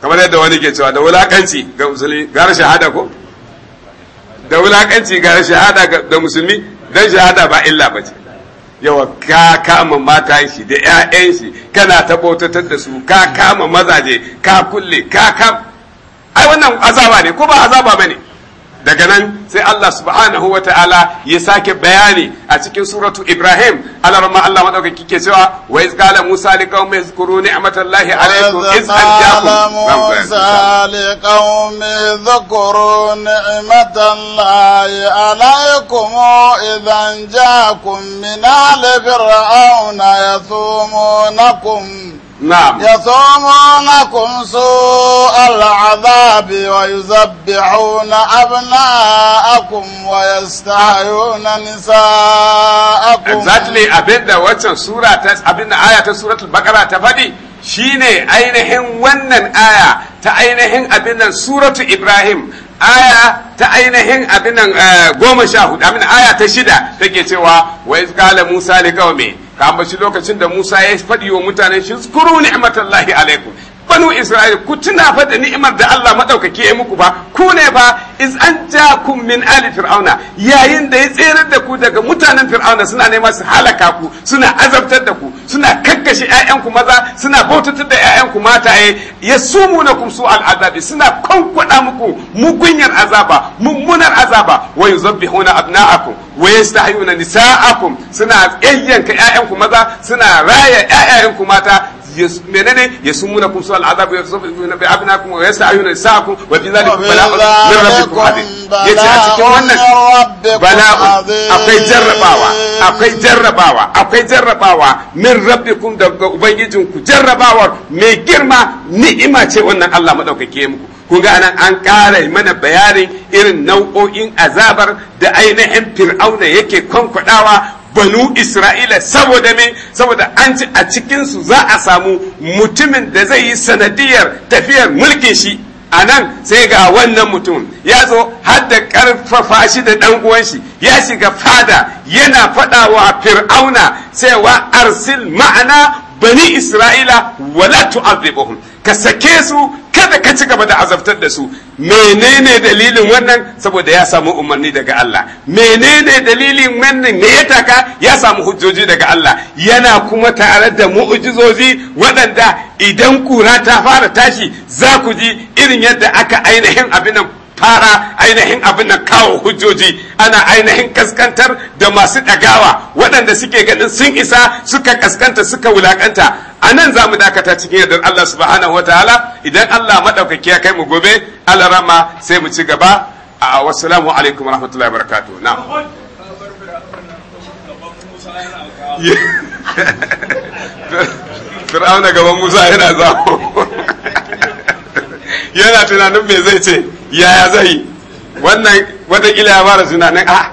kamar yadda wani ke cewa da wulakanci ga musulmi gara shahada ko da wulakanci gara shahada ga musulmi dan shahada ba illa ba ce yawa ka kama mata shi da 'ya'yan shi kana tabbatar da su ka kama mazaje ka kulle ka kam ai wannan azaba ne ko ba azaba bane daga nan sai Allah subhanahu wa ta'ala ya sake bayani a cikin suratu Ibrahim alarma Allah madaukaki ke cewa wa iz qala Musa li qaumi zkuru ni'matallahi alaykum iz anjakum Musa li qaumi zkuru ni'matallahi alaykum idan min ali fir'auna yasumunakum نعم يصومونكم سوء العذاب ويذبحون أبناءكم ويستحيون نساءكم exactly abinda waccan sura ta abinda aya ta suratul baqara ta fadi shine ainihin wannan aya ta ainihin abinnan suratul ibrahim aya ta ainihin abinan eh, goma sha hudu amin aya ta shida take cewa wai iz qala musa liqaumi ka ambaci lokacin da Musa ya faɗi wa mutane shi zukuru ni'matallahi alaikum banu isra'il ku tuna fa da ni'imar da Allah madaukake ya muku ba ku ne fa iz an ja'akum min ali fir'auna yayin da ya tsere da ku daga mutanen fir'auna suna neman su halaka ku suna azabtar da ku suna kakkashe ƴaƴan ku maza suna bautatar da ƴaƴan ku mataye yasumunakum su al'azabi suna kankwada muku mugunyar azaba mummunar azaba wa yuzabbihuna abna'akum wa yastahyuna nisa'akum suna yayyanka ƴaƴan ku maza suna raya ƴaƴan ku mata menene yasmuna kum su'al azab yasmuna bi abnakum wa yasayuna sa'akum wa fi zalika bala'un min rabbikum adin yace a cikin wannan bala'un akwai jarrabawa akwai jarrabawa akwai jarrabawa min rabbikum daga ubangijinku jarrabawar mai girma ni'ima ce wannan Allah madaukake muku kun ga anan an ƙara mana bayanin irin nau'o'in azabar da ainihin fir'auna yake kwankwadawa banu isra'ila saboda me saboda an ci a cikinsu za a samu mutumin da zai yi sanadiyar tafiyar mulkin shi a nan sai ga wannan mutum ya zo har da ƙarfafa shi da ɗan uwan shi ya shiga fada yana faɗawa fir'auna sai wa arsil ma'ana bani isra'ila wala tu'adhibuhum ka sake su kada ka ci gaba da azabtar da su menene dalilin wannan saboda ya samu umarni daga Allah menene dalilin wannan ne ya taka ya samu hujjoji daga Allah yana kuma tare da mu'ujizoji waɗanda idan kura ta fara tashi za ku ji irin yadda aka ainihin nan. fara ainihin abin nan kawo hujjoji ana ainihin kaskantar da masu ɗagawa waɗanda suke ganin sun isa suka kaskanta suka wulakanta a nan za mu dakata cikin yadda Allah subhanahu wa ta'ala idan Allah maɗaukaki ya kai mu gobe alarama sai mu ci gaba a wasu alaikum rahmatullahi barakatu na fir'auna gaban musa yana zawo yana tunanin me zai ce yaya zai wannan watakila ya fara suna nan ah,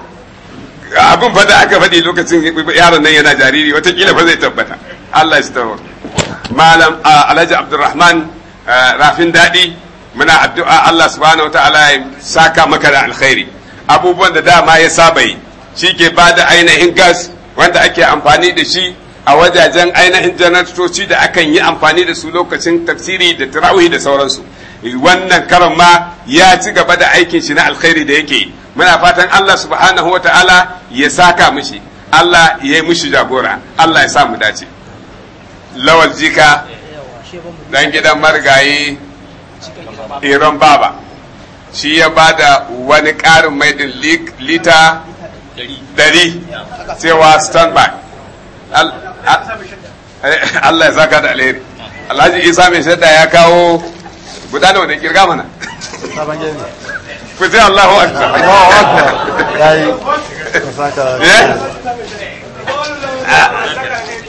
abin fada aka faɗi lokacin yaron nan yana jariri watakila ba zai tabbata Allah shi tawar malam alhaji abdurrahman rafin daɗi muna addu'a Allah subhanahu wataala ya saka maka da alkhairi abubuwan da dama ya saba yi shi ke ba da ainihin gas wanda ake amfani da shi a wajajen ainihin janaratoci da akan yi amfani da su lokacin tafsiri da tarawih da sauransu wannan karon ma ya ci gaba da aikin shi na alkhairi da yake muna fatan Allah subhanahu wa ta'ala ya saka mishi Allah ya yi mishi jagora Allah ya sa mu dace lawal jika dan gidan marigayi iran baba shi ya bada wani karin mai lita dari cewa by eh, Allah ya saka da alheri Alhaji Isa mai shadda ya kawo guda nawa ne kirga mana ku sai Allahu akbar Allahu akbar yayi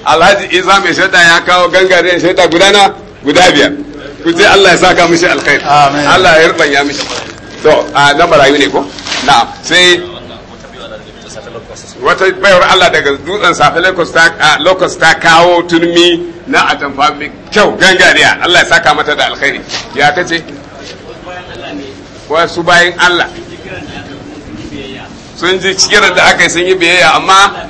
Alhaji Isa mai shaida ya kawo gangare shaida guda na guda biyar ku sai Allah ya saka mishi alkhair Allah ya rubanya mishi to a nan barayu ne ko na'am sai wata bayar Allah daga dutsen safe locust ta kawo turmi na atamfa mai kyau gangariya Allah ya saka mata da alkhairi ya ta ce wasu bayan Allah sun ji cikirar da aka yi sun yi biyayya amma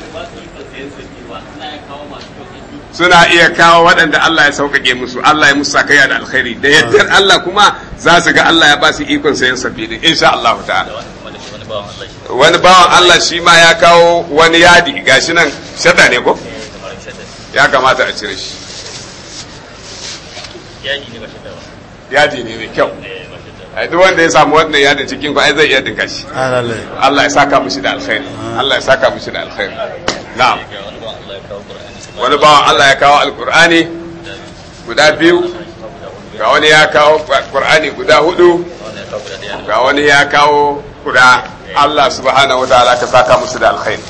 suna iya kawo waɗanda Allah ya sauƙaƙe musu Allah ya musu sakaya da alkhairi da yadda Allah kuma za su ga Allah ya ba su ikon sayan sabbi insha Allah ta'ala wani bawan Allah shi ma ya kawo wani yadi gashi nan shadda ne ko ya kamata a cire shi yadi ne mai kyau eh, duk wanda ya samu wannan yadin cikin ku ai zai iya dinka shi ah, Allah ya saka mushi da alkhairi ah. Allah ya saka mushi da alkhairi na'am wani bawan Allah ya kawo alkur'ani guda biyu ga wani ya kawo Alkur'ani guda hudu ga wani ya kawo kuda Allah subhanahu wa ta'ala ka saka musu da alkhairi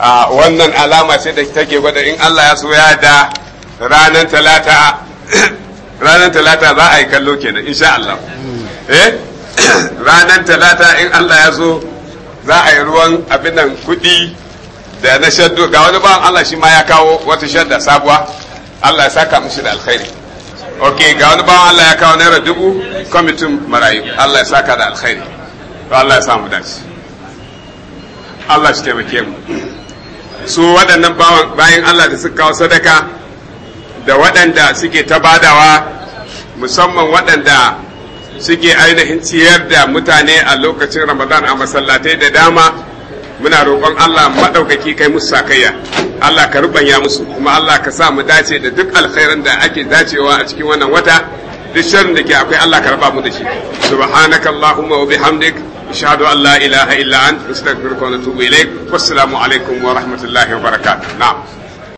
ah, wannan alama ce da take gwada in Allah ya so ya da ranar talata [coughs] ranar talata za a yi kallo kenan insha Allah eh [coughs] ranar talata in Allah ya so za a yi ruwan abin nan kudi da na shaddu ga wani bawan Allah shi ma ya kawo wata shadda sabuwa Allah ya saka musu da alkhairi ok ga wani bawan Allah ya kawo naira dubu kwamitin marayu Allah ya saka da alkhairi to Allah ya samu dace Allah shi taimake mu su waɗannan bayan Allah da suka kawo sadaka da waɗanda suke ta badawa musamman waɗanda suke ainihin ciyar da mutane a lokacin ramadan a masallatai da dama muna roƙon Allah maɗaukaki kai musu sakayya Allah ka rubanya musu kuma Allah ka sa mu dace da duk alkhairan da ake dacewa a cikin wannan wata duk shirin da ke akwai Allah ka raba mu da shi subhanakallahumma wa bihamdika ashhadu an la ilaha illa anta astaghfiruka wa atubu ilaik wassalamu alaikum wa rahmatullahi wa baraka. na'am